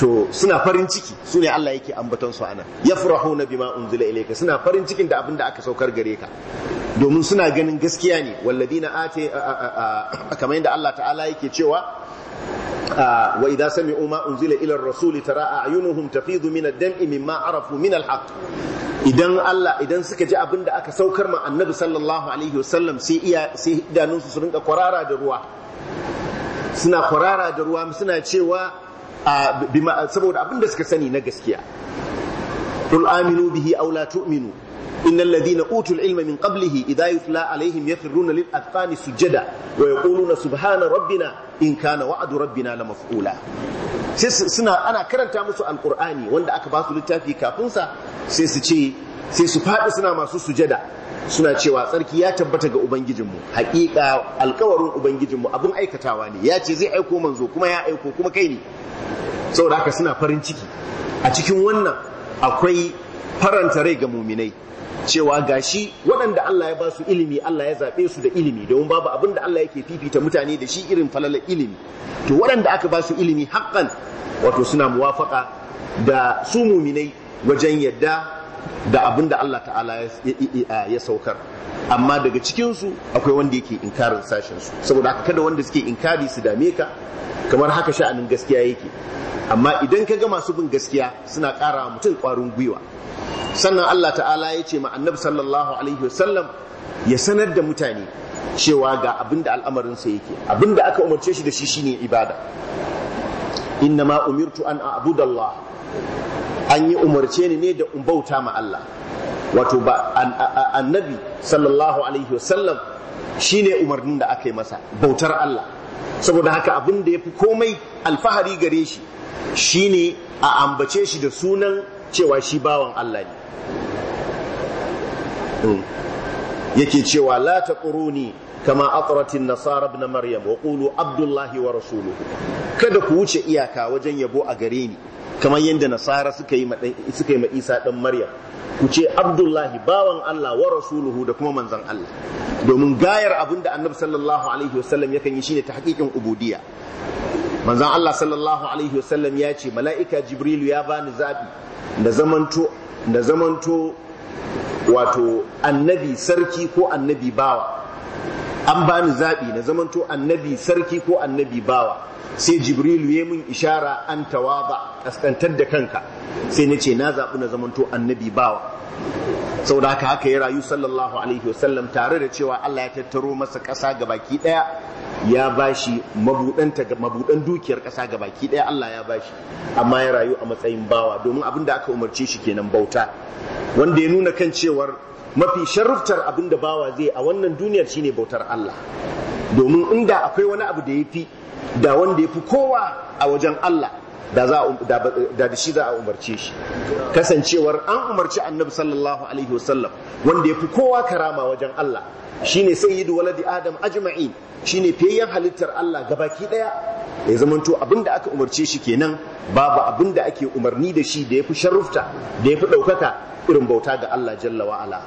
to suna farin ciki su ne Allah yake ambaton su ana na bima unzila ilayka suna farin cikin da abin da aka saukar gare ka domin suna ganin gaskiya ne walladina a kamar yadda Allah ta'ala yake cewa wa idza sami'u ma unzila ila ar-rasuli tara a'yunuhum tafidu min ad-dam'i mimma arafu min al-haqq idan Allah idan suka ji abin da aka saukar ma annabi sallallahu alaihi wasallam sai iya sai idanunsu su rinka kwarara da ruwa suna kwarara da ruwa suna cewa saboda abin da suka sani na gaskiya qul aminu bihi aw la tu'minu innal ladina utul ilma min qablihi idha yutla alaihim yakhruna lil adqani sujada wa yaquluna subhana rabbina in kana wa'du rabbina la maf'ula sai suna ana karanta musu alkur'ani wanda aka ba su littafi kafin sa sai su ce sai su faɗi suna masu sujada suna cewa tsarki ya tabbata ga ubangijinmu haƙiƙa alkawarin ubangijinmu abin aikatawa ne ya ce zai aiko manzo kuma ya aiko kuma kai ne saboda haka suna farin ciki a cikin wannan akwai faranta rai ga muminai cewa gashi waɗanda Allah ya ba su ilimi Allah ya zaɓe su da ilimi domin babu abin da Allah yake fifita mutane da shi irin falalar ilimi to waɗanda aka ba su ilimi haƙƙan wato suna muwafaƙa da su muminai wajen yadda da abin da Allah ta'ala ya saukar amma daga cikinsu akwai wanda yake inkarin sashensu saboda haka kada wanda suke inkari su dame ka kamar haka sha'anin gaskiya yake amma idan ka ga masu bin gaskiya suna ƙara mutum ƙwarin gwiwa sannan Allah ta'ala ya ce ma annabi sallallahu alaihi wasallam ya sanar da mutane cewa ga abin da al'amarinsa yake abin da aka umarce shi da shi shine ibada inna ma umirtu an a'budallah an yi umarce ni ne da umbauta ma Allah wato ba annabi sallallahu alaihi wasallam shine umarnin da aka yi masa bautar Allah saboda haka abin da ya fi komai alfahari gare shi ne a ambace shi da sunan cewa shi bawan Allah ne hmm. yake cewa la taquruni kama aqratin nasara ibn maryam wa qulu abdullahi wa rasuluhu kada ku wuce iyaka wajen yabo a gare ni kamar yadda nasara suka yi ma isa ɗan maryam ku ce abdullahi bawan allah wa rasuluhu da kuma manzan allah domin gayar abin da annabi sallallahu alaihi wasallam yakan yi shine ta hakikin ubudiya manzan allah sallallahu alaihi wasallam ya ce mala'ika jibrilu ya bani zaɓi da zamanto da zamanto wato annabi sarki ko annabi bawa an bani zaɓi na zamanto annabi sarki ko annabi bawa sai jibrilu ya mun ishara an tawaba kaskantar da kanka sai na ce na zaɓi na zamanto annabi bawa saboda haka haka ya rayu sallallahu alaihi wasallam tare da cewa Allah ya tattaro masa ƙasa ga ɗaya ya bashi mabudanta mabuɗan dukiyar ƙasa ga baki ɗaya Allah ya bashi amma ya rayu a matsayin bawa domin abin da aka umarce shi kenan bauta wanda ya nuna kan cewar mafi sharuftar abin da bawa zai a wannan duniyar shine bautar Allah domin inda akwai wani abu da ya fi da wanda ya fi kowa a wajen Allah Um, da da shi za a umarce shi kasancewar an umarci annabi sallallahu alaihi wasallam wanda ya fi kowa karama wajen Allah shi shine sayyidu waladi adam ajma'in shine fiyayyen halittar Allah ga baki daya ya zamanto abinda aka umarce shi kenan babu abinda ake umarni da shi da ya fi sharufta da ya fi ɗaukaka irin bauta ga Allah jalla wa'ala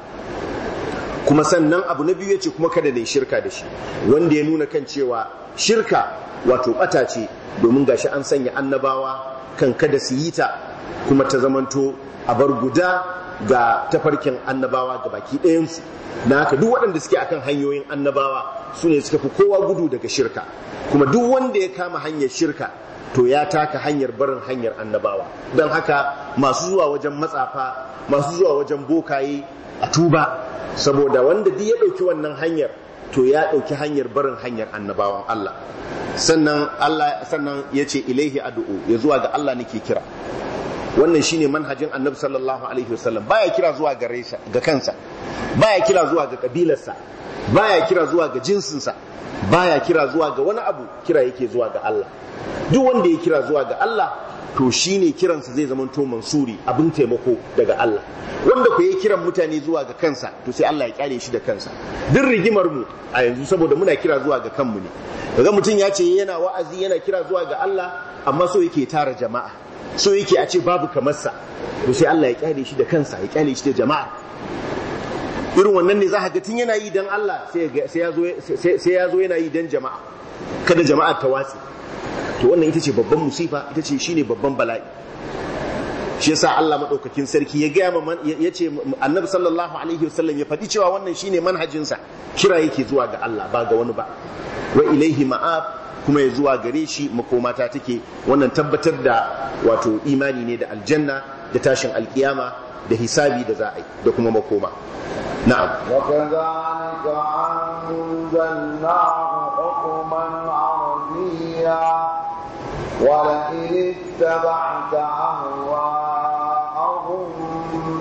kuma sannan abu na biyu ya ce kuma kada ne shirka da shi wanda ya nuna kan cewa shirka wato ɓata ce domin ga shi an sanya annabawa kan kada su yi ta kuma ta zamanto a bar guda ga tafarkin annabawa ga baki ɗayansu na haka duk waɗanda suke akan hanyoyin annabawa su ne suka fi kowa gudu daga shirka kuma duk wanda ya kama hanyar shirka to ya taka hanyar barin hanyar annabawa don haka masu zuwa wajen matsafa masu zuwa wajen bokaye a tuba saboda wanda duk ya ɗauki wannan hanyar to ya ɗauki hanyar barin hanyar annabawan Allah sannan Allah sannan ya ilaihi addu'u ya zuwa ga Allah nake kira wannan shine manhajin annabi sallallahu alaihi wasallam baya kira zuwa gare ga kansa baya kira zuwa ga kabilarsa baya kira zuwa ga jinsinsa baya kira zuwa ga wani abu kira yake zuwa ga Allah duk wanda ya kira zuwa ga Allah to shi ne kiransa zai zama to mansuri abin taimako daga Allah wanda ku yi kiran mutane zuwa ga kansa to sai Allah ya kyale shi da kansa duk rigimar mu a yanzu saboda muna kira zuwa ga kanmu ne kaga mutum ya ce yana wa'azi yana kira zuwa ga Allah amma so yake tara jama'a so yake a ce babu kamar sa to sai Allah ya kyale shi da kansa ya kyale shi da jama'a irin wannan ne za ka ga tun yana yi dan Allah sai ya zo yana yi dan jama'a kada jama'a ta watse to wannan ita ce babban musifa ita ce shine babban bala'i shi yasa Allah madaukakin sarki ya gaya man ya ce annabi sallallahu alaihi wasallam ya faɗi cewa wannan shine manhajinsa kira yake zuwa ga Allah ba ga wani ba wa ilaihi ma'ab kuma ya zuwa gare shi makomata take wannan tabbatar da wato imani ne da aljanna da tashin alkiyama da hisabi da za'ai da kuma makoma na'am wa kadhalika anzalnahu ولئن اتبعت أهواءهم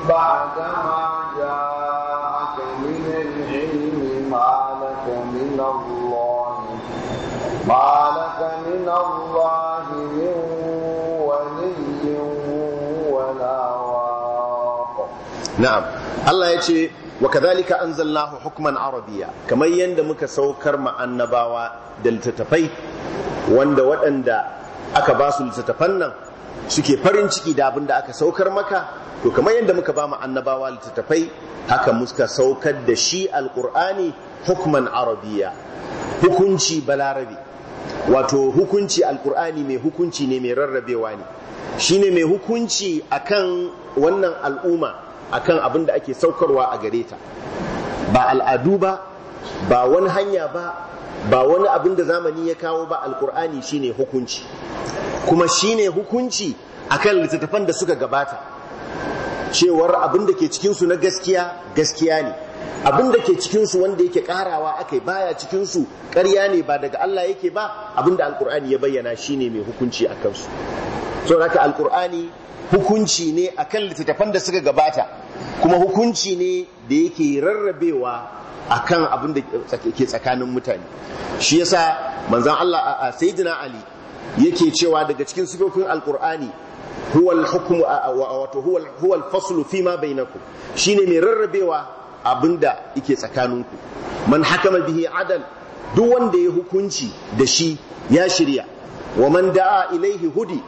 بعد ما جاءك من العلم ما لك من الله ما لك من الله من ولي ولا واق نعم الله يجي وكذلك أنزلناه حكما عربيا كما يندمك سوكر مع النباوة دلتتفي وند وند aka ba su littattafan nan suke farin ciki da abin da aka saukar maka to kamar yadda muka ba mu annabawa littattafai haka muka saukar da shi alkur'ani hukman arabiya hukunci balarabe wato hukunci alkur'ani mai hukunci ne mai rarrabewa ne shine mai hukunci akan wannan al'umma akan abin da ake saukarwa a gare ta ba al'adu ba ba wani hanya ba ba wani abin da zamani ya kawo ba alkur'ani shine hukunci kuma shine hukunci akan littattafan da suka gabata cewar abin da ke cikinsu na gaskiya gaskiya ne abin da ke cikinsu wanda yake karawa akai baya cikinsu karya ne ba daga Allah yake ba abin da alkur'ani ya bayyana shine mai hukunci a kansu so alkur'ani hukunci ne akan littattafan da suka gabata kuma hukunci ne da yake rarrabewa akan abin da ke tsakanin mutane shi yasa manzan Allah a sayyidina Ali yake cewa daga cikin sifofin alkur'ani huwal hukmu wato huwal ma bai naku, bainakum shine mai rarrabewa abinda yake tsakaninku man hakama bihi adal duk wanda ya hukunci da shi ya shirya wa man da'a ilaihi hudi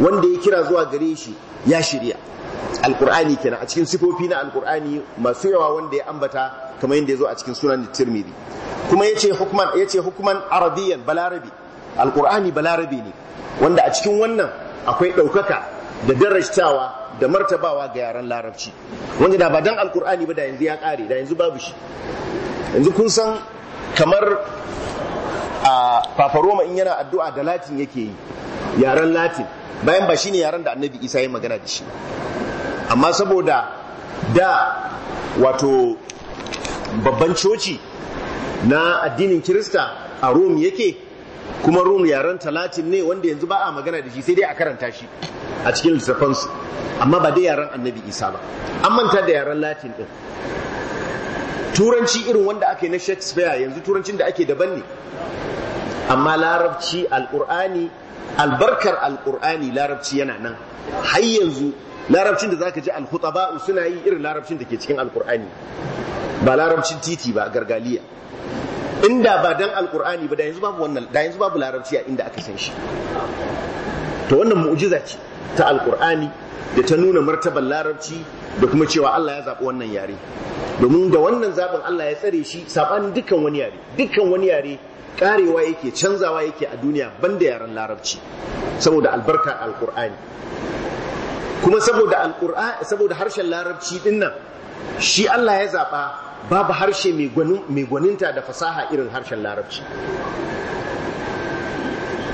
wanda ya kira zuwa gare shi ya shirya alkur'ani kenan a cikin sifofi na alkur'ani masu yawa wanda ya ambata kamar yadda ya zo a cikin sunan tirmidhi kuma ya hukman hukuman hukman arabiyan balarabi alkur'ani balarabi ne wanda a cikin wannan akwai ɗaukaka da darajtawa da martabawa ga yaren larabci wanda da ba dan alkur'ani ba da yanzu ya ƙare da yanzu babu shi yanzu kun san kamar a fafaroma in yana addu'a da latin yake yi yaren latin bayan ba shine yaran da annabi isa ya magana da shi amma saboda da wato babban coci na addinin kirista a rom yake kuma rom yaren talatin ne wanda yanzu ba a magana da shi sai dai a karanta shi a cikin lissafansu amma ba dai yaren annabi isa ba an manta da yaren latin din turanci irin wanda ake na shakespeare yanzu turancin da ake daban ne amma larabci alkur'ani albarkar alkur'ani larabci yana nan har yanzu larabcin da zaka ji alhutaba'u suna yi irin larabcin da ke cikin alkur'ani ba larabcin titi ba gargaliya inda ba dan alkur'ani ba da yanzu babu wannan da yanzu babu larabci a inda aka san shi to wannan mu'jiza ce ta alkur'ani da ta nuna martabar larabci da kuma cewa Allah ya zaɓi wannan yare domin da wannan zaɓin Allah ya tsare shi saɓanin dukkan wani yare dukkan wani yare karewa yake canzawa yake a duniya banda yaren larabci saboda albarka alkur'ani kuma saboda alkur'ani saboda harshen larabci din nan shi Allah ya zaba babu harshe mai gwaninta da fasaha irin harshen larabci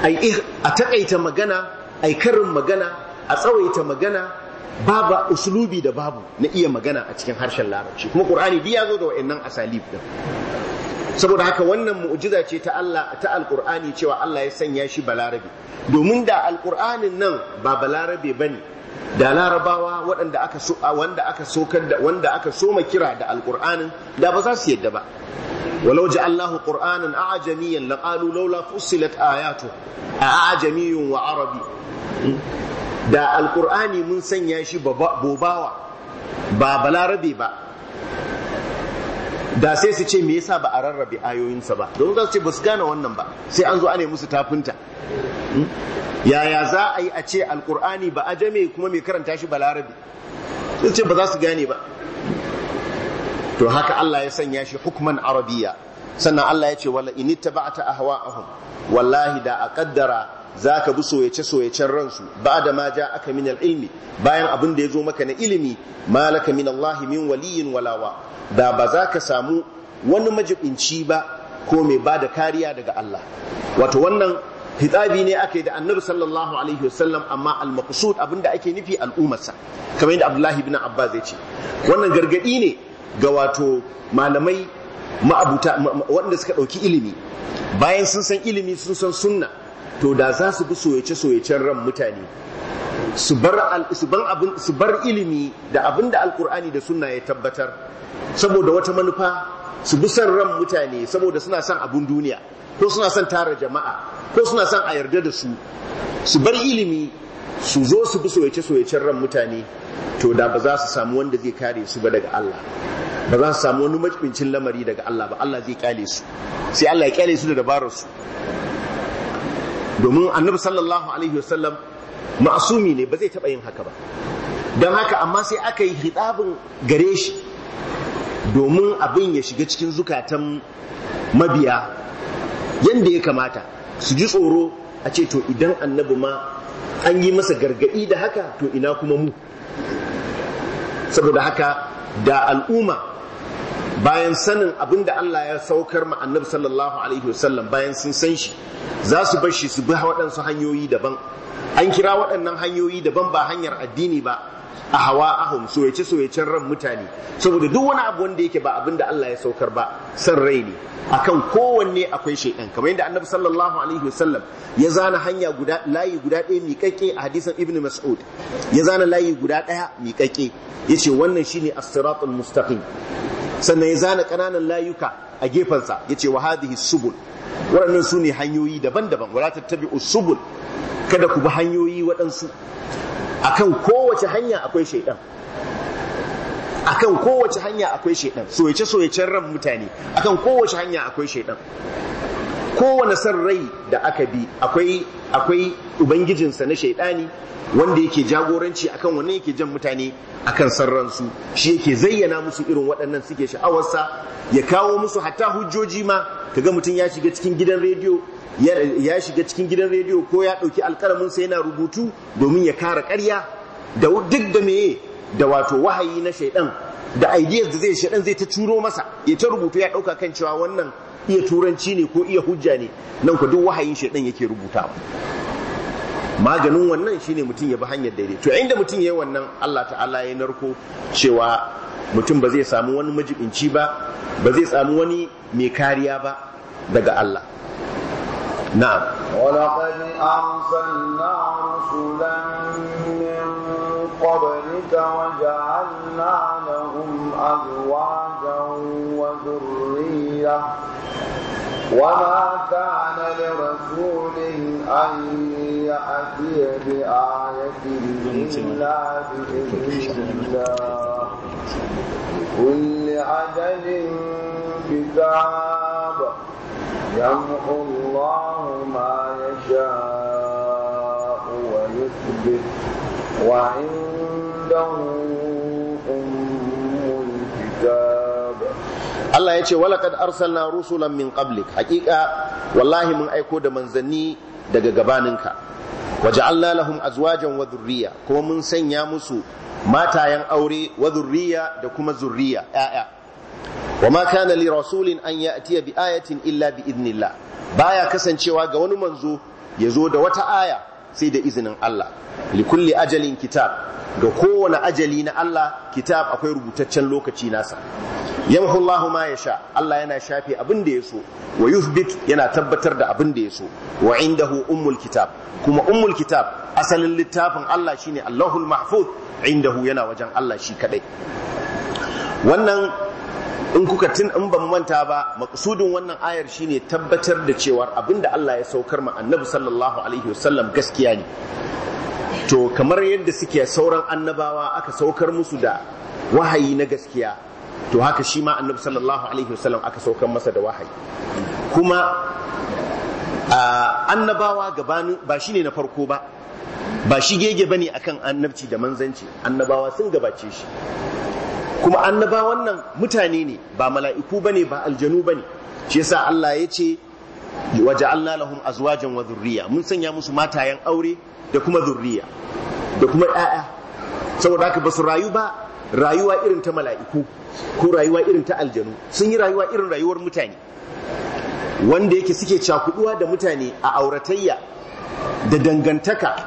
a takaita magana ai karin magana a tsawaita magana babu usulubi da babu na iya magana a cikin harshen larabci kuma ƙur'ani duk ya zo da wa'annan asalib din saboda haka wannan mu'jiza ce ta Allah ta alqur'ani cewa Allah ya sanya shi balarabe domin da alqur'anin nan ba balarabe bane da larabawa waɗanda aka so wanda aka sokar da wanda aka soma kira da alqur'anin da ba za su yadda ba Allahu جعلناه قرآنا أعجميا لقالوا لولا ayatu. آياته أعجمي وعربي da alkur'ani mun sanya shi bobawa ba balarabe ba da sai su ce me yasa ba a rarrabe ayoyinsa ba don za su ce ba su gane wannan ba sai an zo ana musu tafinta hmm? yaya za a yi a ce alkur'ani ba ajame kuma mai karanta shi balarabi sun ce ba za su gane ba to haka Allah ya sanya shi hukman arabiya sannan Allah ya ce wala in a ahwa'ahum wallahi da a kaddara za ka bi soyace-soyacen ransu ba da ma ja aka min ilmi bayan abin da ya zo maka na ilimi malaka min Allah min waliyin walawa da ba za ka samu wani majibinci ba ko mai ba da kariya daga Allah wato wannan hitsabi ne aka yi da annabi sallallahu alaihi wasallam amma al-maqsud abin da ake nufi al'ummarsa kamar yadda Abdullahi ibn Abbas ya ce wannan gargadi ne ga wato malamai ma'abuta waɗanda suka ɗauki ilimi bayan sun san ilimi sun san sunna to da za su bi soyace-soyacen ran mutane su bar ilimi da abin da alkur'ani da sunna ya tabbatar saboda wata manufa su bi son ran mutane saboda suna son abin duniya ko suna son tara jama'a ko suna son a yarda da su su bar ilimi su zo su bi soyace-soyacen ran mutane to da ba za su samu wanda zai kare su ba daga Allah ba za su samu wani majibincin lamari daga Allah ba Allah zai kyale su sai Allah ya kyale su da dabararsu domin annabi sallallahu alaihi wasallam ma'asumi ne ba zai taɓa yin haka ba don haka amma sai aka yi hitsabin gare shi domin abin ya shiga cikin zukatan mabiya yadda ya kamata su ji tsoro a ce to idan annabi ma an yi masa gargaɗi da haka to ina kuma mu saboda haka da al'umma bayan sanin abin da Allah ya saukar ma annabi sallallahu alaihi wasallam bayan sun san shi za su bar shi su bi waɗansu hanyoyi daban an kira waɗannan hanyoyi daban ba hanyar addini ba a hawa ahum soyace soyacen ran mutane saboda duk wani abu wanda yake ba abin da Allah ya saukar ba san rai ne akan kowanne akwai shaidan kamar yadda annabi sallallahu alaihi wasallam ya zana hanya layi guda ɗaya miƙaƙe a hadisan ibnu mas'ud ya zana layi guda ɗaya miƙaƙe ce wannan shine as-siratul mustaqim sannan ya zana kananan layuka a gefensa ya ce wa hadihi subul waɗannan su ne hanyoyi daban-daban wala tattabi'u subul kada ku bi hanyoyi waɗansu akan kowace hanya akwai shaidan akan kowace hanya akwai shaidan soyace soyacen ran mutane akan kowace hanya akwai shaidan kowane san rai da aka bi akwai akwai ubangijinsa na shaidani wanda yake jagoranci akan wanne yake jan mutane akan san ransu, shi yake zayyana musu irin waɗannan suke sha'awarsa ya kawo musu hatta hujjoji ma kaga mutum ya shiga cikin gidan rediyo ya shiga cikin gidan rediyo ko ya ɗauki alƙalamin sai yana rubutu domin ya kara ƙarya da duk da meye da wato wahayi na shaidan da ideas da zai shaidan zai ta turo masa ya ta rubutu ya ɗauka kan cewa wannan iya turanci ne ko iya hujja ne nan ku duk wahayin shaidan yake rubuta maganin wannan shine mutum ya bi hanyar daidai to inda mutum ya yi wannan Allah ta'ala ya narko cewa mutum ba zai samu wani majibinci ba ba zai samu wani mai kariya ba daga Allah na'am ولقد أرسلنا رسلا من قبلك وجعلنا لهم أزواجا وذرية وما كان لرسول أن يأتي بآية إلا بإذن الله كل عدد كتاب يمحو الله ما يشاء ويثبت وعنده أم الكتاب Allah ya ce walaqad arsalna rusulan min qablik haqiqa wallahi mun aiko da manzanni daga gabaninka waja'alna lahum azwajan wa dhurriya kuma mun sanya musu matayen aure wa dhurriya da kuma zurriya ya'ya wa ma kana li rasulin an ya'tiya bi ayatin illa bi idnillah baya kasancewa ga wani manzo ya zo da wata aya sai da izinin Allah likulli ajalin kitab ga kowane ajali na Allah kitab akwai rubutaccen lokaci nasa yamhu Allahu ma yasha Allah yana shafe abin da yaso wa yuthbit yana tabbatar da abin da yaso wa indahu ummul kitab kuma ummul kitab asalin littafin Allah shine Allahul mahfuz indahu yana wajen Allah shi kadai wannan in kuka tun in ban manta ba maksudin wannan ayar shine tabbatar da cewar abinda Allah ya saukar ma annabi sallallahu alaihi wasallam gaskiya ne to kamar yadda suke sauran annabawa aka saukar musu da wahayi na gaskiya to haka shi ma annabi sallallahu alaihi wasallam aka saukar masa da wahayi kuma annabawa gabanin ba shine na farko ba ba shi gege bane akan annabci da manzanci annabawa sun gabace shi kuma annabawan nan mutane ne ba mala'iku bane ba aljanu bane shi yasa Allah ya ce waja'alna lahum azwajan wa dhurriya mun sanya musu matayen aure da kuma zurriya da kuma ƴaƴa saboda haka ba su rayu ba rayuwa irin ta mala'iku ko rayuwa irin ta aljanu sun yi rayuwa irin rayuwar mutane wanda yake suke cakuduwa da mutane a auratayya da dangantaka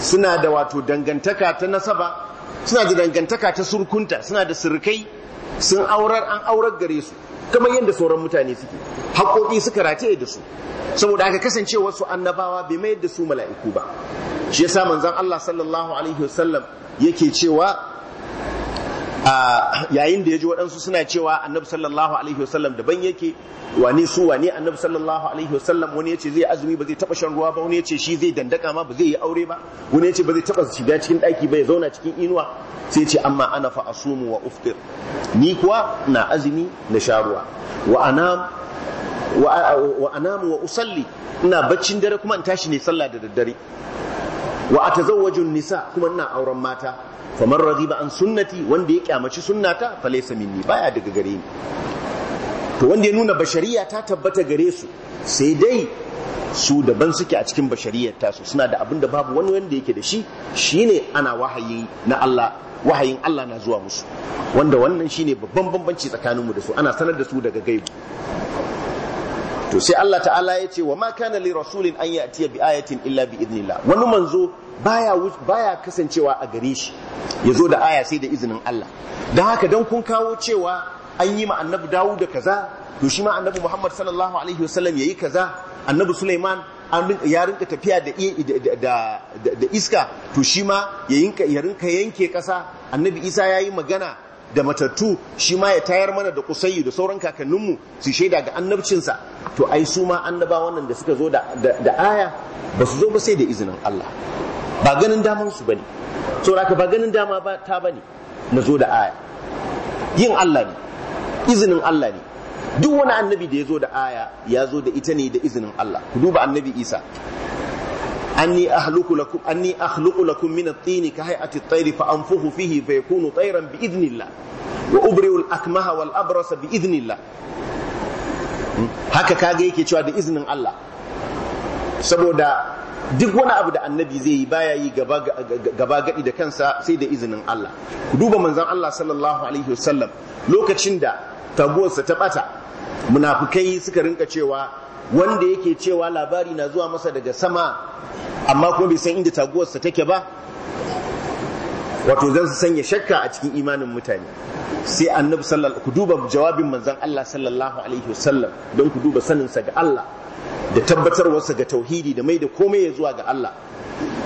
suna da wato dangantaka ta nasaba suna da dangantaka ta surkunta suna da surkai sun aurar an aurar gare su kamar yadda sauran mutane suke haƙoƙi suka rataye da su saboda aka kasance wasu annabawa bai mayar da su mala'iku ba shi yasa manzon Allah sallallahu alaihi wasallam yake cewa yayin da ya ji waɗansu suna cewa annabi sallallahu alaihi wasallam daban yake wani su wani annabi sallallahu alaihi wasallam wani ya ce zai azumi ba zai taɓa shan ruwa ba wani ya ce shi zai dandaka ma ba zai yi aure ba wani ya ce ba zai taɓa shiga cikin ɗaki ba ya zauna cikin inuwa sai ce amma ana fa asumu wa uftir ni kuwa na azumi na sha ruwa wa anam wa anamu wa usalli ina baccin dare kuma in tashi ne sallah da daddare wa wajen nisa kuma ina auren mata faman ba an sunnati wanda ya kyamaci sunnata fa laysa baya daga gare ni to wanda ya nuna bashariya ta tabbata gare su sai dai su daban suke a cikin bashariyar tasu suna da abin da babu wani wanda yake da shi shine ana wahayi na Allah wahayin Allah na zuwa musu wanda wannan shine babban bambanci tsakaninmu da su ana sanar da su daga gaibu to sai Allah ta'ala ya ce wa ma kana li rasulin an ya'tiya bi ayatin illa bi idnillah wani manzo baya baya kasancewa a gare shi yazo da aya sai da izinin Allah dan haka dan kun kawo cewa an yi ma annabi Dawud da kaza to shi ma annabi Muhammad sallallahu alaihi wasallam yayi kaza annabi Sulaiman ya rinka tafiya da iska to shi ma ya rinka yanke kasa annabi Isa yayi magana da matattu shi ma ya tayar mana da kusayi da sauran kakanninmu su shaida ga annabcinsa to ai su ma annaba wannan da suka zo da aya ba su zo ba sai da izinin Allah ba ganin daman su bane so haka ba ganin dama ba ta bane na zo da aya yin Allah ne izinin Allah ne duk wani annabi da ya zo da aya ya zo da ita ne da izinin Allah ku duba annabi Isa anni ahluku lakum anni akhluqu lakum min at tini ka hay'ati at-tayr fa anfuhu fihi fa yakunu tayran bi idhnillah wa ubri'u al-akmaha wal abrasa bi idhnillah hmm? haka kage yake cewa da iznin Allah saboda duk wani abu da annabi zai yi baya yi gaba gadi da kansa sai da iznin Allah ku duba manzon Allah sallallahu alaihi wasallam lokacin da taguwarsa ta bata munafikai suka rinka cewa wanda yake cewa labari na zuwa masa daga sama amma kuma bai san inda taguwarsa take ba wato zan su sanya shakka a cikin imanin mutane sai annabi sallallahu ku duba jawabin manzon Allah sallallahu alaihi wasallam don ku duba saninsa ga Allah da tabbatarwarsa ga tauhidi da mai da komai ya zuwa ga Allah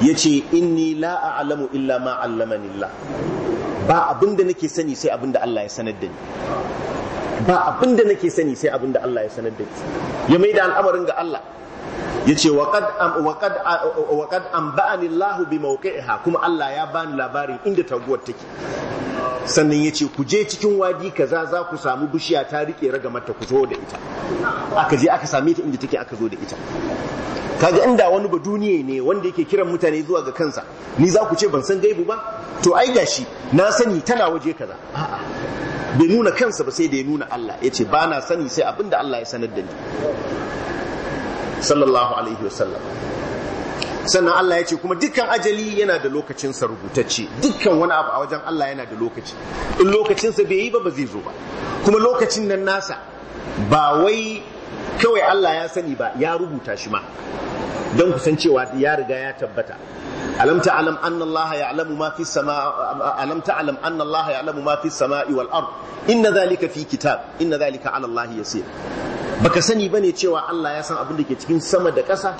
yace inni la a'lamu illa ma 'allamani Allah ba abinda nake sani sai abinda Allah ya sanar da ni ba abin da nake sani sai abin da Allah ya sanar da ya mai da al'amarin ga Allah ya ce waƙad an ba'ani Allah bi ha, kuma Allah ya bani labarin inda taguwar take sannan ya ce ku je cikin wadi kaza za ku samu bishiya ta rike raga ta ku zo da ita aka je aka same ta inda take aka zo da ita kaga inda wani ba duniya ne wanda yake kiran mutane zuwa ga kansa ni za ku ce ban san gaibu ba to ai gashi na sani tana waje kaza a'a bai nuna kansa ba sai da ya nuna Allah ya ce ba na sani sai abin da Allah ya sanar da ni sallallahu alaihi wasallam sannan Allah ya ce kuma dukkan ajali yana da lokacinsa rubutacce dukkan wani abu a wajen Allah yana da lokaci in lokacinsa bai yi ba ba zai zo ba kuma lokacin nan nasa ba wai kawai Allah ya sani ba ya rubuta shi ma don kusan cewa ya riga ya tabbata alam ta'lam anna Allah ya'lamu ma fi samaa alam ta'lam anna Allah ya'lamu ma fi samai wal ard inna dhalika fi kitab inna dhalika 'ala Allah yasir baka sani bane cewa Allah ya san abin da ke cikin sama da ƙasa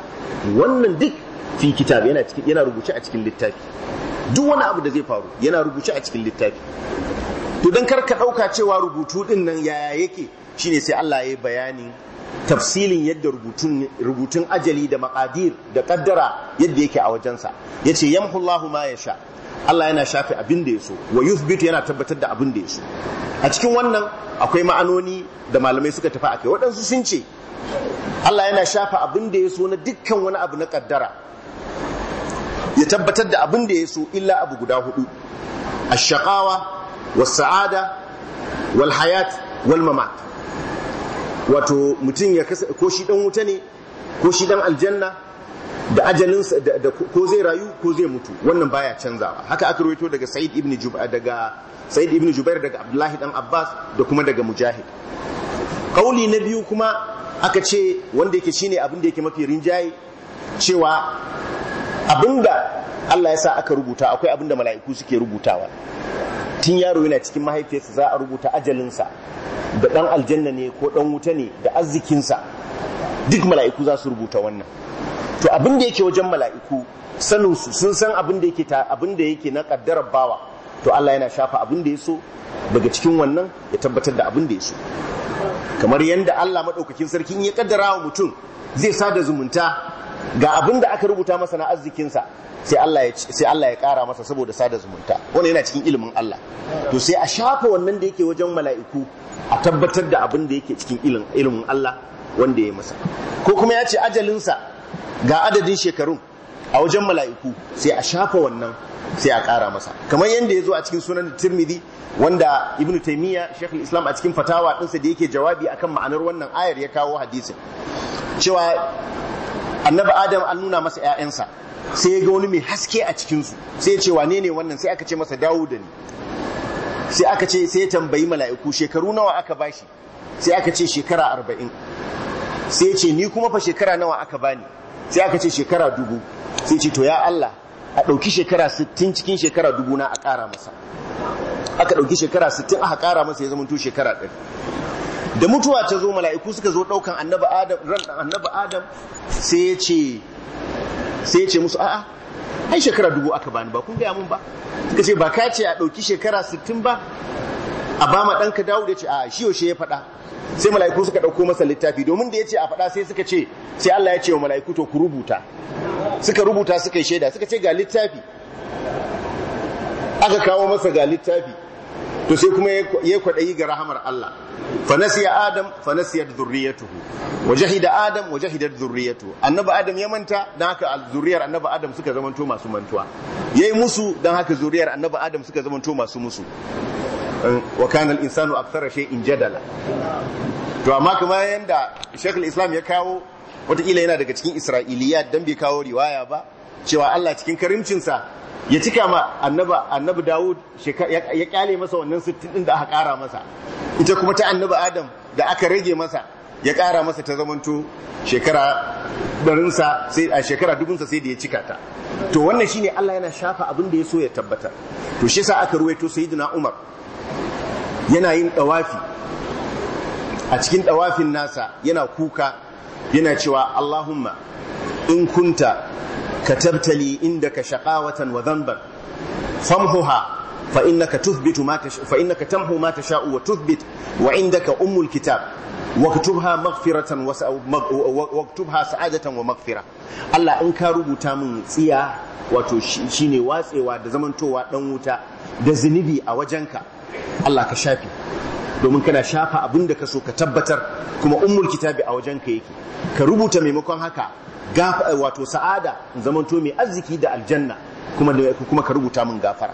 wannan duk fi kitab yana cikin yana rubuce a cikin littafi duk wani abu da zai faru yana rubuce a cikin littafi to dan kar ka dauka cewa rubutu din nan yaya yake shine sai Allah ya yi bayanin tafsilin yadda rubutun ajali da makadir da kaddara yadda yake a wajensa ya ce yamhullahu ma ya sha Allah yana shafe abin da ya so wa yuthbitu yana tabbatar da abin da ya so a cikin wannan akwai ma'anoni da malamai suka tafi a kai waɗansu sun ce Allah yana shafe abin da ya so na dukkan wani abu na kaddara ya tabbatar da abin da ya so illa abu guda hudu ashaqawa was sa'ada wal hayat wal mamat wato mutum ya kasa ko shi dan wuta ne ko shi dan aljanna da ajalinsa da ko zai rayu ko zai mutu wannan baya canzawa haka aka rawaito daga Sa'id ibn Jubair daga Sa'id ibn Jubair daga Abdullahi dan Abbas da kuma daga Mujahid kauli na biyu kuma aka ce wanda yake shine abin da yake mafi rinjaye cewa abinda Allah ya sa aka rubuta akwai abinda mala'iku suke rubutawa tun yaro yana cikin mahaifiyarsa za a rubuta ajalinsa da ɗan aljanna ne ko ɗan wuta ne da arzikinsa duk mala'iku za su rubuta wannan to abin da yake wajen mala'iku saninsu sun san abin da yake abin da yake na kaddarar bawa to Allah yana shafa abin da ya so daga cikin wannan ya tabbatar da abin da ya so kamar yadda Allah maɗaukakin sarki in ya kaddara wa mutum zai sada zumunta ga abin da aka rubuta masa na arzikinsa sai Allah ya kara masa saboda sada zumunta wani yana cikin ilimin Allah to sai a shafa wannan da yake wajen mala'iku a tabbatar da abin da yake cikin ilimin Allah wanda ya masa ko kuma ya ce ajalinsa ga adadin shekarun a wajen mala'iku sai a shafa wannan sai a kara masa kamar yadda ya zo a cikin sunan turmidi wanda ibnu taimiyya shekul islam a cikin fatawa ɗinsa da yake jawabi akan ma'anar wannan ayar ya kawo hadisin cewa annabi adam an nuna masa ‘ya'yansa sai ya ga wani mai haske a cikinsu sai ya ce wane ne wannan sai aka ce masa dawo da ni sai aka ce sai ya tambayi mala'iku shekaru nawa aka bashi sai aka ce shekara arba'in sai ya ce ni kuma fa shekara nawa aka bani sai aka ce shekara dubu sai ce to ya Allah a ɗauki shekara sittin cikin shekara dubu na a ƙara masa aka ɗauki shekara sittin aka ƙara masa ya zama to shekara ɗari da mutuwa ta zo mala'iku suka zo daukan annabi adam ran annabi adam sai ya ce sai ya ce musu a'a ai shekara dubu aka bani ba kun ga mun ba suka ce ba ka ce a ɗauki shekara sittin ba a ba ma ka dawo da ce a shi yaushe ya faɗa sai mala'iku suka ɗauko masa littafi domin da ya ce a faɗa sai suka ce sai Allah ya ce wa mala'iku to ku rubuta suka rubuta suka yi shaida suka ce ga littafi aka kawo masa ga littafi to sai kuma ya kwaɗayi ga rahamar Allah fanasiya adam fanasiyat zurriyatuhu wa jahida adam wa jahidat zurriyatuhu annabi adam ya manta dan haka zurriyar annabi adam suka zamanto masu mantuwa yi musu dan haka zurriyar annabi adam suka zamanto masu musu wa kana al-insanu akthara in jadala to amma kamar yanda shekul islam ya kawo wataƙila yana daga cikin Isra'iliya dan bai kawo riwaya ba cewa Allah cikin karimcinsa ya cika ma annaba annabi Dawud ya kyale masa wannan sittin din da aka kara masa ita kuma ta annabi Adam da aka rage masa ya kara masa ta zamanto shekara darinsa sai a shekara dubunsa sai da ya cika ta to wannan shine Allah yana shafa abin da ya so ya tabbatar to shi yasa aka ruwaito sayyidina Umar yana yin dawafi a cikin dawafin nasa yana kuka yana cewa Allahumma in kunta ka tabtali inda ka shaƙawatan wa zanbar famhuha fa inna tuthbitu ma ta fa inna ka tamhu ma ta sha'u wa tuthbit wa indaka umul kitab wa kutubha maghfiratan wa waktubha sa'adatan wa maghfira Allah in ka rubuta min tsiya wato shine watsewa da zamantowa dan wuta da zinubi a wajenka Allah ka shafi domin kana shafa abinda ka so ka tabbatar kuma ummul kitabi a wajenka yake ka rubuta maimakon haka Eh, wato sa'ada in zamanto mai arziki da aljanna kuma kuma ka rubuta min gafara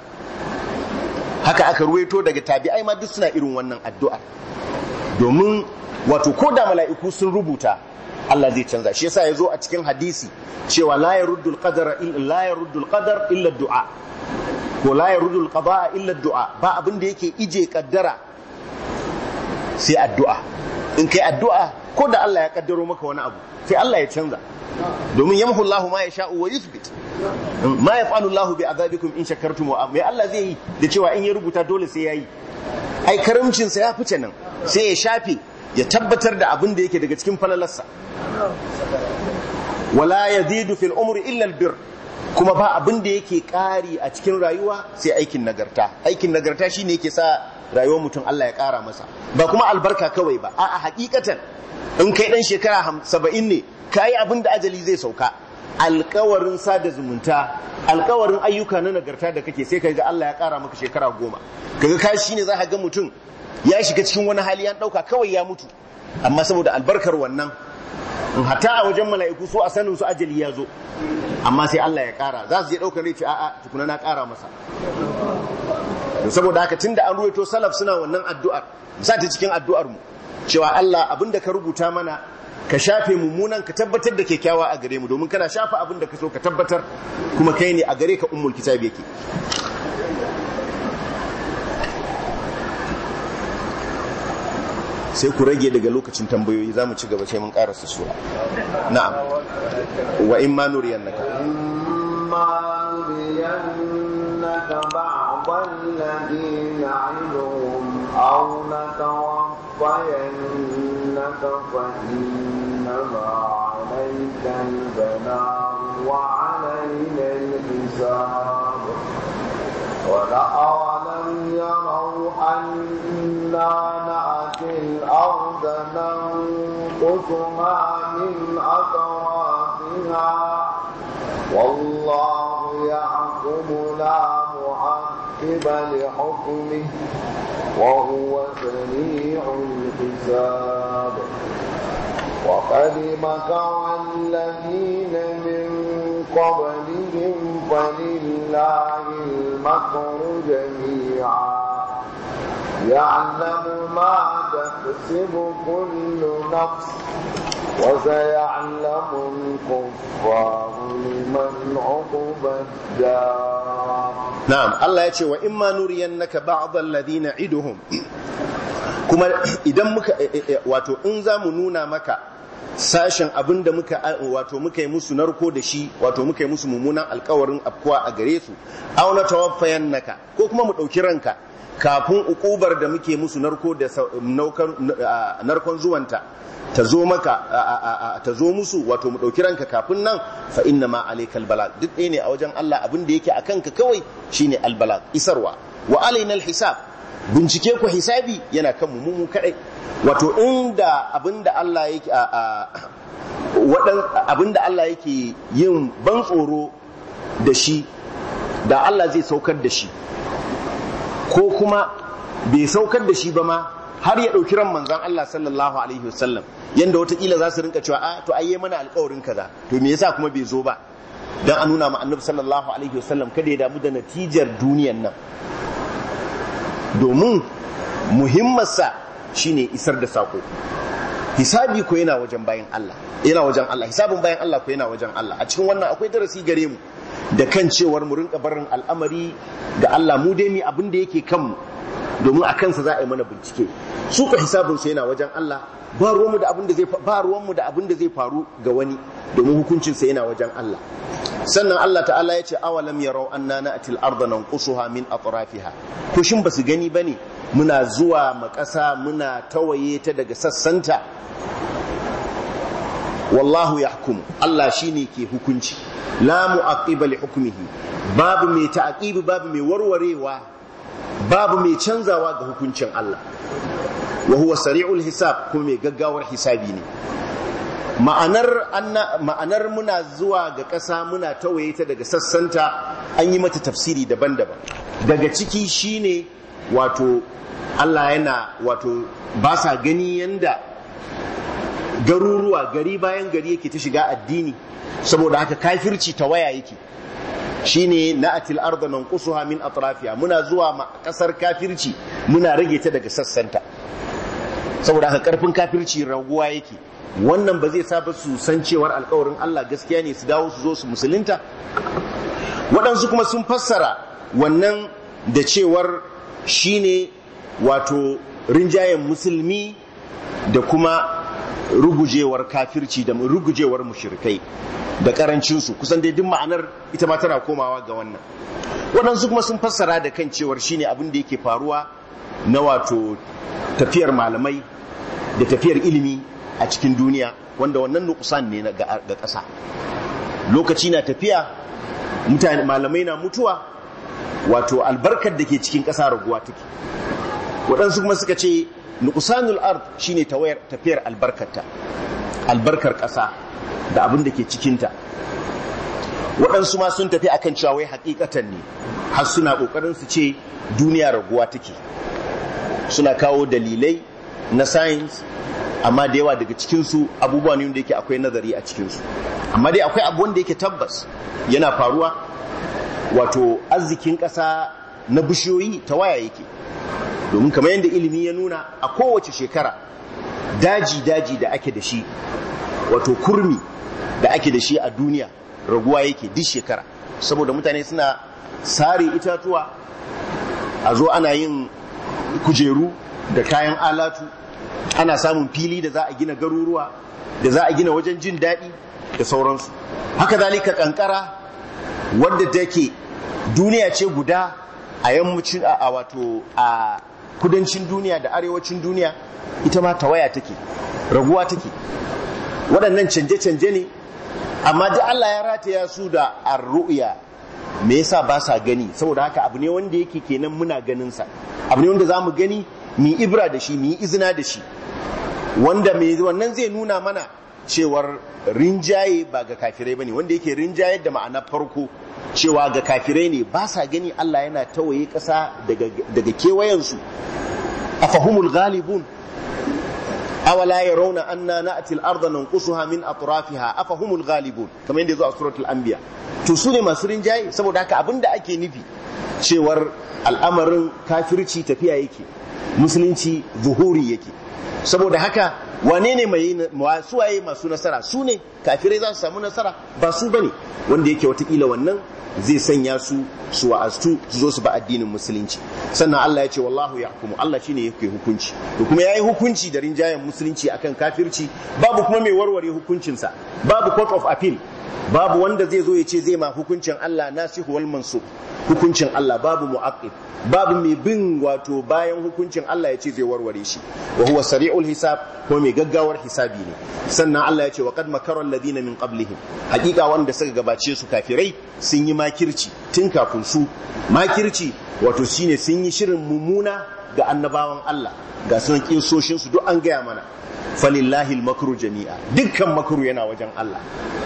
haka aka ruwaito daga tabi'ai ma duk suna irin wannan addu'a domin wato ko da mala'iku sun rubuta Allah zai canza shi yasa yazo a cikin hadisi cewa la yaruddu al-qadar la yaruddu al illa du'a ko la yaruddu al-qada'a illa du'a ba abin da yake ije kaddara sai addu'a in kai addu'a ko da Allah ya kaddaro maka wani abu sai Allah ya canza domin yamhu Allahu ma yasha'u wa yuthbit ma yaf'alu Allahu bi in shakartum wa mai Allah zai yi da cewa in ya rubuta dole sai yayi ai karamcin sa ya fice nan sai ya shafe ya tabbatar da abin da yake daga cikin falalarsa wala yazidu fil umri illa al kuma ba abin da yake kari a cikin rayuwa sai aikin nagarta aikin nagarta shi ne yake sa rayuwar mutum Allah ya kara masa ba kuma albarka kawai ba a'a hakikatan in kai dan shekara 70 ne ka yi abin da ajali zai sauka alkawarin sada zumunta alkawarin ayyuka na nagarta da kake sai ka ga Allah ya kara maka shekara goma kaga ka shi ne za ka ga mutum ya shiga cikin wani hali an ɗauka kawai ya mutu amma saboda albarkar wannan hatta a wajen mala'iku so a sanin su ajali ya zo amma sai Allah ya kara za su je dauka ne ce a'a tukuna na kara masa saboda haka tunda an ruwaito salaf suna wannan addu'ar sa ta cikin addu'ar mu cewa Allah abinda ka rubuta mana ka shafe mummunan ka tabbatar da kyakkyawa a gare mu domin kana shafa abin da ka so ka tabbatar kuma kai ne a gare ka ummul kitab yake sai ku rage daga lokacin tambayoyi za mu ci gaba sai mun karasa sura na'am wa in ma nuriyannaka ma أنك فإنما عليك البلاغ وعلينا الحساب ولأولم يروا أنا نأتي الأرض ننقصها من أطرافها والله يحكم لا معقب لحكمه وهو سميع الحساب وقد مكر الذين من قبلهم فلله المكر جميعا يعلم ما تكسب كل نفس وسيعلم الكفار لمن عقب الدار نعم الله يقول وإما نرينك بعض الذين نعدهم kuma idan muka eh, eh, eh, wato in za mu nuna maka sashen abin da muka wato muka yi musu narko da shi wato muka yi musu mummunan alkawarin afkuwa a gare su auna tawaffayan naka ko kuma mu ɗauki ranka kafin ukubar da muke musu narko da narkon zuwanta ta zo maka ta zo musu wato mu ɗauki ranka kafin nan fa inna ma alaikal duk ɗaya ne a wajen Allah abin da yake a kanka kawai shine albala isarwa wa alaina hisab. bincike ku hisabi yana kan mu mu kadai wato inda abinda Allah yake a wadan abinda Allah yake yin ban tsoro da shi da Allah zai saukar da shi ko kuma bai saukar da shi ba ma har ya ɗauki ran manzon Allah sallallahu alaihi wasallam yanda kila za su rinka cewa a to ai mana alƙawarin kaza to me yasa kuma bai zo ba dan a nuna ma annabi sallallahu alaihi wasallam kada ya damu da natijar duniyar nan domin sa shine isar da sako hisabi ko yana wajen bayan Allah yana wajen Allah hisabin bayan Allah ko yana wajen Allah a cikin wannan akwai darasi gare mu da kan cewar mu rinka barin al'amari ga Allah mu dai mi abin da yake kan mu. domin a kansa za a yi mana bincike su ka hisabin sa yana wajen Allah ba ruwanmu da abin da zai faru ga wani domin hukuncinsa yana wajen Allah sannan Allah ta'ala ya ce awalam yarau anna na'til arda nanqusuha min atrafiha ko shin basu gani ba ne? muna zuwa makasa muna tawaye ta daga sassanta wallahu yahkum Allah shine ke hukunci lamu a li hukmihi babu mai ta'qibi babu mai warwarewa babu mai canzawa ga hukuncin Allah wa huwa sari'ul hisab kuma mai gaggawar hisabi ne ma'anar muna zuwa ga ƙasa muna tawaye ta daga sassanta an yi mata tafsiri daban-daban daga ciki shine wato Allah yana wato ba sa gani yanda garuruwa gari bayan gari yake ta shiga addini saboda haka kafirci ta waya yake shine na'atil arda nanqusuha min atrafiha muna zuwa ma kasar kafirci muna rage ta daga sassanta saboda haka karfin kafirci raguwa yake wannan ba zai saba su san cewar alkawarin Allah gaskiya ne su dawo su zo su musulunta waɗansu kuma sun fassara wannan da cewar shine wato rinjayen musulmi da kuma rugujewar kafirci da rugujewar mushrikai da karancinsu kusan dai duk ma'anar ita ma tana komawa ga wannan waɗansu kuma sun fassara da kan cewar shine abin da yake faruwa na wato tafiyar malamai da tafiyar ilimi a cikin duniya wanda wannan nukusan ne ga ƙasa lokaci na tafiya mutane malamai na mutuwa wato albarkar da ke cikin ƙasa raguwa take waɗansu kuma suka ce nukusanul ard shine tafiyar albarkarta albarkar ƙasa da abin da ke cikinta waɗansu ma sun tafi akan cewa wai hakikatan ne har suna ƙoƙarin su ce duniya raguwa take suna kawo dalilai na science amma da yawa daga cikinsu abubuwa ne wanda yake akwai nazari a cikinsu amma dai akwai abu wanda yake tabbas yana faruwa wato arzikin ƙasa na bishiyoyi ta waya yake domin kamar yadda ilimi ya nuna a kowace shekara daji-daji da ake da shi wato kurmi da ake da shi a duniya raguwa yake duk shekara saboda mutane suna sare itatuwa a zo ana yin kujeru da kayan alatu ana samun fili da za a gina garuruwa da za a gina wajen jin daɗi da sauransu haka zalika kankara wadda take duniya ce guda a yammacin a wato a kudancin duniya da arewacin duniya ita ma tawaya take raguwa take waɗannan canje-canje ne amma duk Allah ya rataya su da arru'ya me yasa ba sa gani saboda haka abu ne wanda yake kenan muna ganin sa abu ne wanda za mu gani mi ibra da shi mi izina da shi wanda mai wannan zai nuna mana cewar rinjaye ba ga kafirai bane wanda yake rinjaye da ma'ana farko cewa ga kafirai ne ba sa gani Allah yana tawaye ƙasa daga kewayensu a fahimul galibun awala ya rauna an na anna na'til arda nanqusuha min a afahumul galibun kamar yadda zuwa suratul anbiya to su ne masu rinjaye saboda haka abinda ake nufi cewar al'amarin kafirci tafiya yake musulunci zuhuri yake saboda haka wane ne mai suwaye masu nasara su ne kafirai za su samu nasara ba su bane wanda yake watakila wannan zai sanya su su wa'aztu su zo su ba addinin musulunci sannan Allah ya ce wallahu ya hukumu Allah shine yake hukunci to kuma yayi hukunci da rinjayen musulunci akan kafirci babu kuma mai warware hukuncinsa babu court of appeal babu wanda zai zo ya ce zai ma hukuncin Allah nasihu wal hukuncin Allah babu mu'aqqib babu mai bin wato bayan hukuncin Allah ya ce zai warware shi wa huwa sari'ul hisab ko mai gaggawar hisabi ne sannan Allah ya ce wa qad makara alladhina min qablihim hakika wanda suka gabace su kafirai sun yi makirci tun kafin su makirci wato shine sun yi shirin mummuna ga annabawan Allah ga sunan kisoshin su duk an gaya mana falillahi makru jami'a dukkan makru yana wajen Allah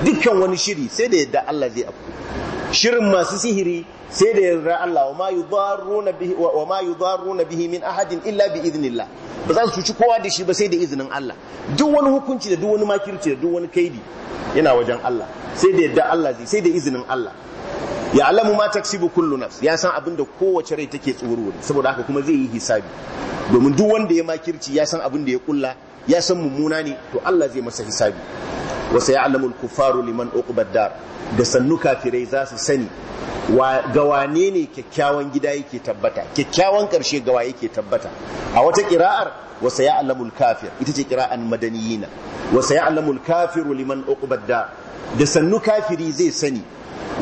dukkan wani shiri sai da yadda Allah zai afku shirin masu sihiri sai da yadda Allah wa ma yi bihi wa ma bihi min ahadin illa bi idnillah ba za su cuci kowa da shi ba sai da izinin Allah duk wani hukunci da duk wani makirci da duk wani kaidi yana wajen Allah sai da yadda Allah zai sai da izinin Allah ya alamu ma taksibu kullu nafs ya san abin da kowace rai take tsoro saboda haka kuma zai yi hisabi domin duk wanda ya makirci ya san abinda da ya kulla ya san mummuna ne to Allah zai masa hisabi wa sayalamu al-kuffaru liman uqbad dar da sannu kafirai za su sani ga wane ne kyakkyawan gida yake tabbata kyakkyawan karshe gawa yake tabbata a wata kira'ar wa sayalamu kafir ita ce kira'an madaniyina wa sayalamu al-kafiru liman uqbad dar da sannu kafiri zai sani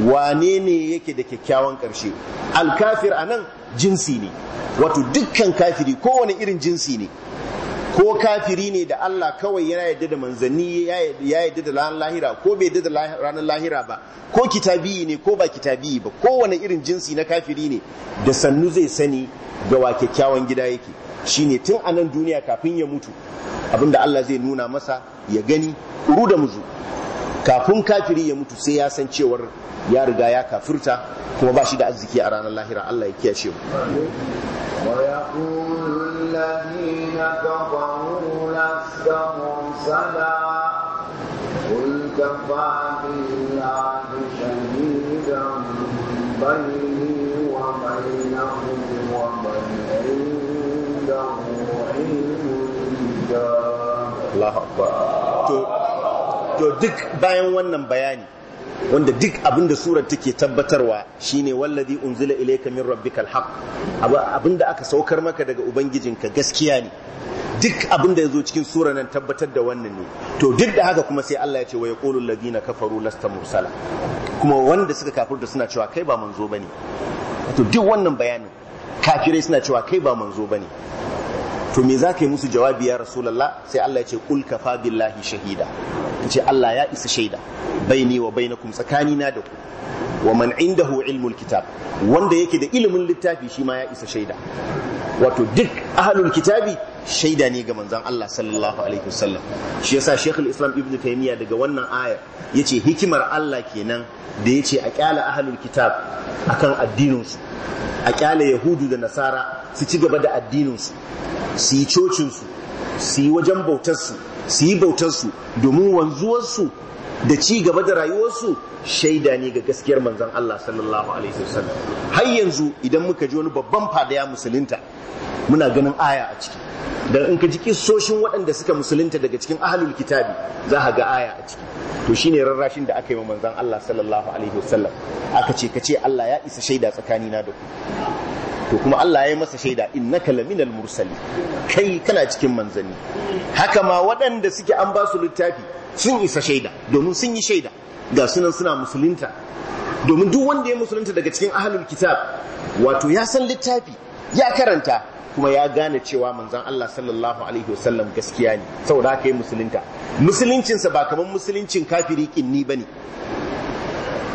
wane ne yake da kyakkyawan ƙarshe alkafir a nan jinsi ne wato dukkan kafiri kowane irin jinsi ne ko kafiri ne da Allah kawai yana yadda da manzanni ya yadda da ranar lahira ko bai yadda da ranar lahira ba ko kitabi ne ko ba kitabi ba kowane irin jinsi na kafiri ne da sannu zai sani ga wa kyakkyawan gida yake shine tun a nan duniya kafin ya mutu abinda Allah zai nuna masa ya gani kuru da muzu kafin kafiri ya mutu sai ya san cewar ya riga ya kafirta kuma ba shi da arziki a ranar lahira Allah ya kiyashe mu to duk bayan wannan bayani wanda duk abinda da surar take tabbatarwa shine wallazi unzila ilayka min rabbikal haqq abinda aka saukar maka daga ubangijinka gaskiya ne duk abin da ya zo cikin sura nan tabbatar da wannan ne to duk da haka kuma sai Allah ya ce wa ya yaqulu ladina kafaru lasta mursala kuma wanda suka da suna cewa kai ba manzo bane to duk wannan bayanin kafirai suna cewa kai ba manzo bane to me za ka yi musu jawabi ya rasulallah sai Allah ya ce kul kafa billahi shahida ce Allah ya isa shaida baini wa bainakum tsakanina da ku wa man indahu ilmul kitab wanda yake da ilimin littafi shi ma ya isa shaida wato duk ahlul kitabi shaida ne ga manzon Allah sallallahu alaihi wasallam shi yasa sa islam Ibn taimiyya daga wannan ayar yace hikimar Allah kenan da yace a kyala ahlul kitab akan addinin su a kyale yahudu da nasara su ci gaba da addininsu su yi cocinsu su yi wajen bautarsu su yi bautarsu domin wanzuwarsu da ci gaba da rayuwarsu shaida ne ga gaskiyar manzon Allah sallallahu alaihi wasallam har yanzu idan muka ji wani babban fadaya musulunta muna ganin aya a ciki da in ka ji kissoshin waɗanda suka musulunta daga cikin ahlul kitabi za a ga aya a ciki to shi ne rarrashin da aka yi wa manzon Allah sallallahu alaihi wasallam aka ce kace Allah ya isa shaida tsakanina da ku to kuma Allah ya masa shaida innaka laminal mursali kai kana cikin manzanni haka ma waɗanda suke an ba su littafi sun isa shaida domin sun yi shaida ga sunan suna musulunta domin duk wanda ya musulunta daga cikin ahlul kitab wato ya san littafi ya karanta kuma ya gane cewa manzan Allah sallallahu alaihi wasallam gaskiya ne saboda haka ya musulunta musuluncinsa ba kamar musuluncin kafiri kinni bane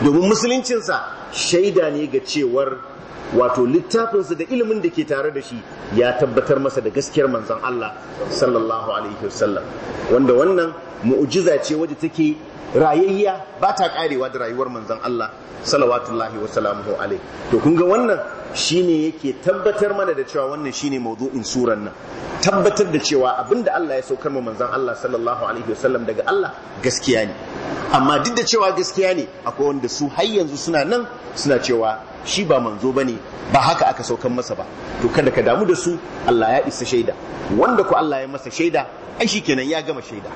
domin musuluncinsa shaida ne ga cewar wato littafinsa da ilimin da ke tare da shi ya tabbatar masa da gaskiyar manzon Allah sallallahu alaihi wasallam wanda wannan mu'jiza ce wadda take rayayya ba ta karewa da rayuwar manzon Allah salawatullahi wa salamuhu alaihi to kun ga wannan ne yake tabbatar mana da cewa wannan shine mawdu'in suran nan tabbatar da cewa abinda Allah ya saukar ma manzon Allah sallallahu alaihi wasallam daga Allah gaskiya ne amma duk da cewa gaskiya ne akwai wanda su har yanzu suna nan suna cewa shi ba manzo ba ne ba haka aka saukan masa ba to kada ka damu da su Allah ya isa shaida wanda ku Allah ya masa shaida ai kenan ya gama shaida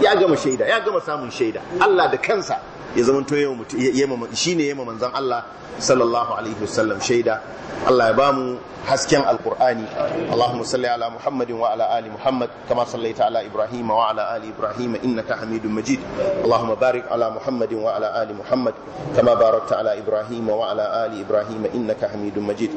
ya gama shaida ya gama samun shaida Allah da kansa ya zama to shi ne yamma manzan Allah sallallahu alaihi wasallam shaida Allah ya bamu hasken alqur'ani Allahumma salli ala Muhammadin wa ala ali Muhammad kama sallaita ala Ibrahim wa ala ali Ibrahim innaka Hamidum Majid Allahumma barik ala Muhammadin wa ala ali Muhammad kama barakta ala Ibrahim wa ala ali Ibrahim innaka Hamidum Majid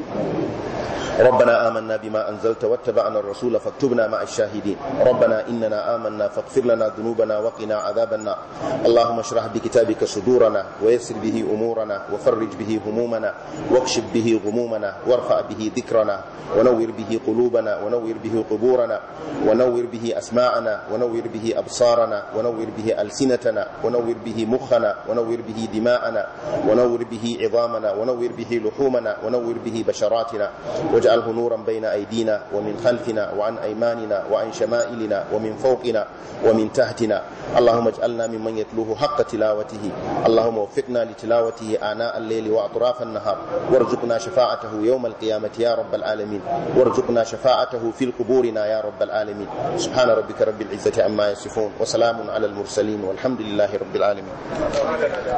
ربنا آمنا بما أنزلت واتبعنا الرسول فاكتبنا مع الشاهدين ربنا إننا آمنا فاغفر لنا ذنوبنا قلوبنا وقنا عذاب النار اللهم اشرح بكتابك صدورنا ويسر به أمورنا وفرج به همومنا واكشف به غمومنا وارفع به ذكرنا ونور به قلوبنا ونور به قبورنا ونور به أسماعنا ونور به أبصارنا ونور به ألسنتنا ونور به مخنا ونور به دماءنا ونور به عظامنا ونور به لحومنا ونور به بشراتنا واجعله نورا بين أيدينا ومن خلفنا وعن أيماننا وعن شمائلنا ومن فوقنا ومن تحتنا ألسنتنا اللهم اجعلنا ممن يتلوه حق تلاوته اللهم وفقنا لتلاوته آناء الليل وأطراف النهار وارزقنا شفاعته يوم القيامة يا رب العالمين وارزقنا شفاعته في قبورنا يا رب العالمين سبحان ربك رب العزة عما يصفون وسلام على المرسلين والحمد لله رب العالمين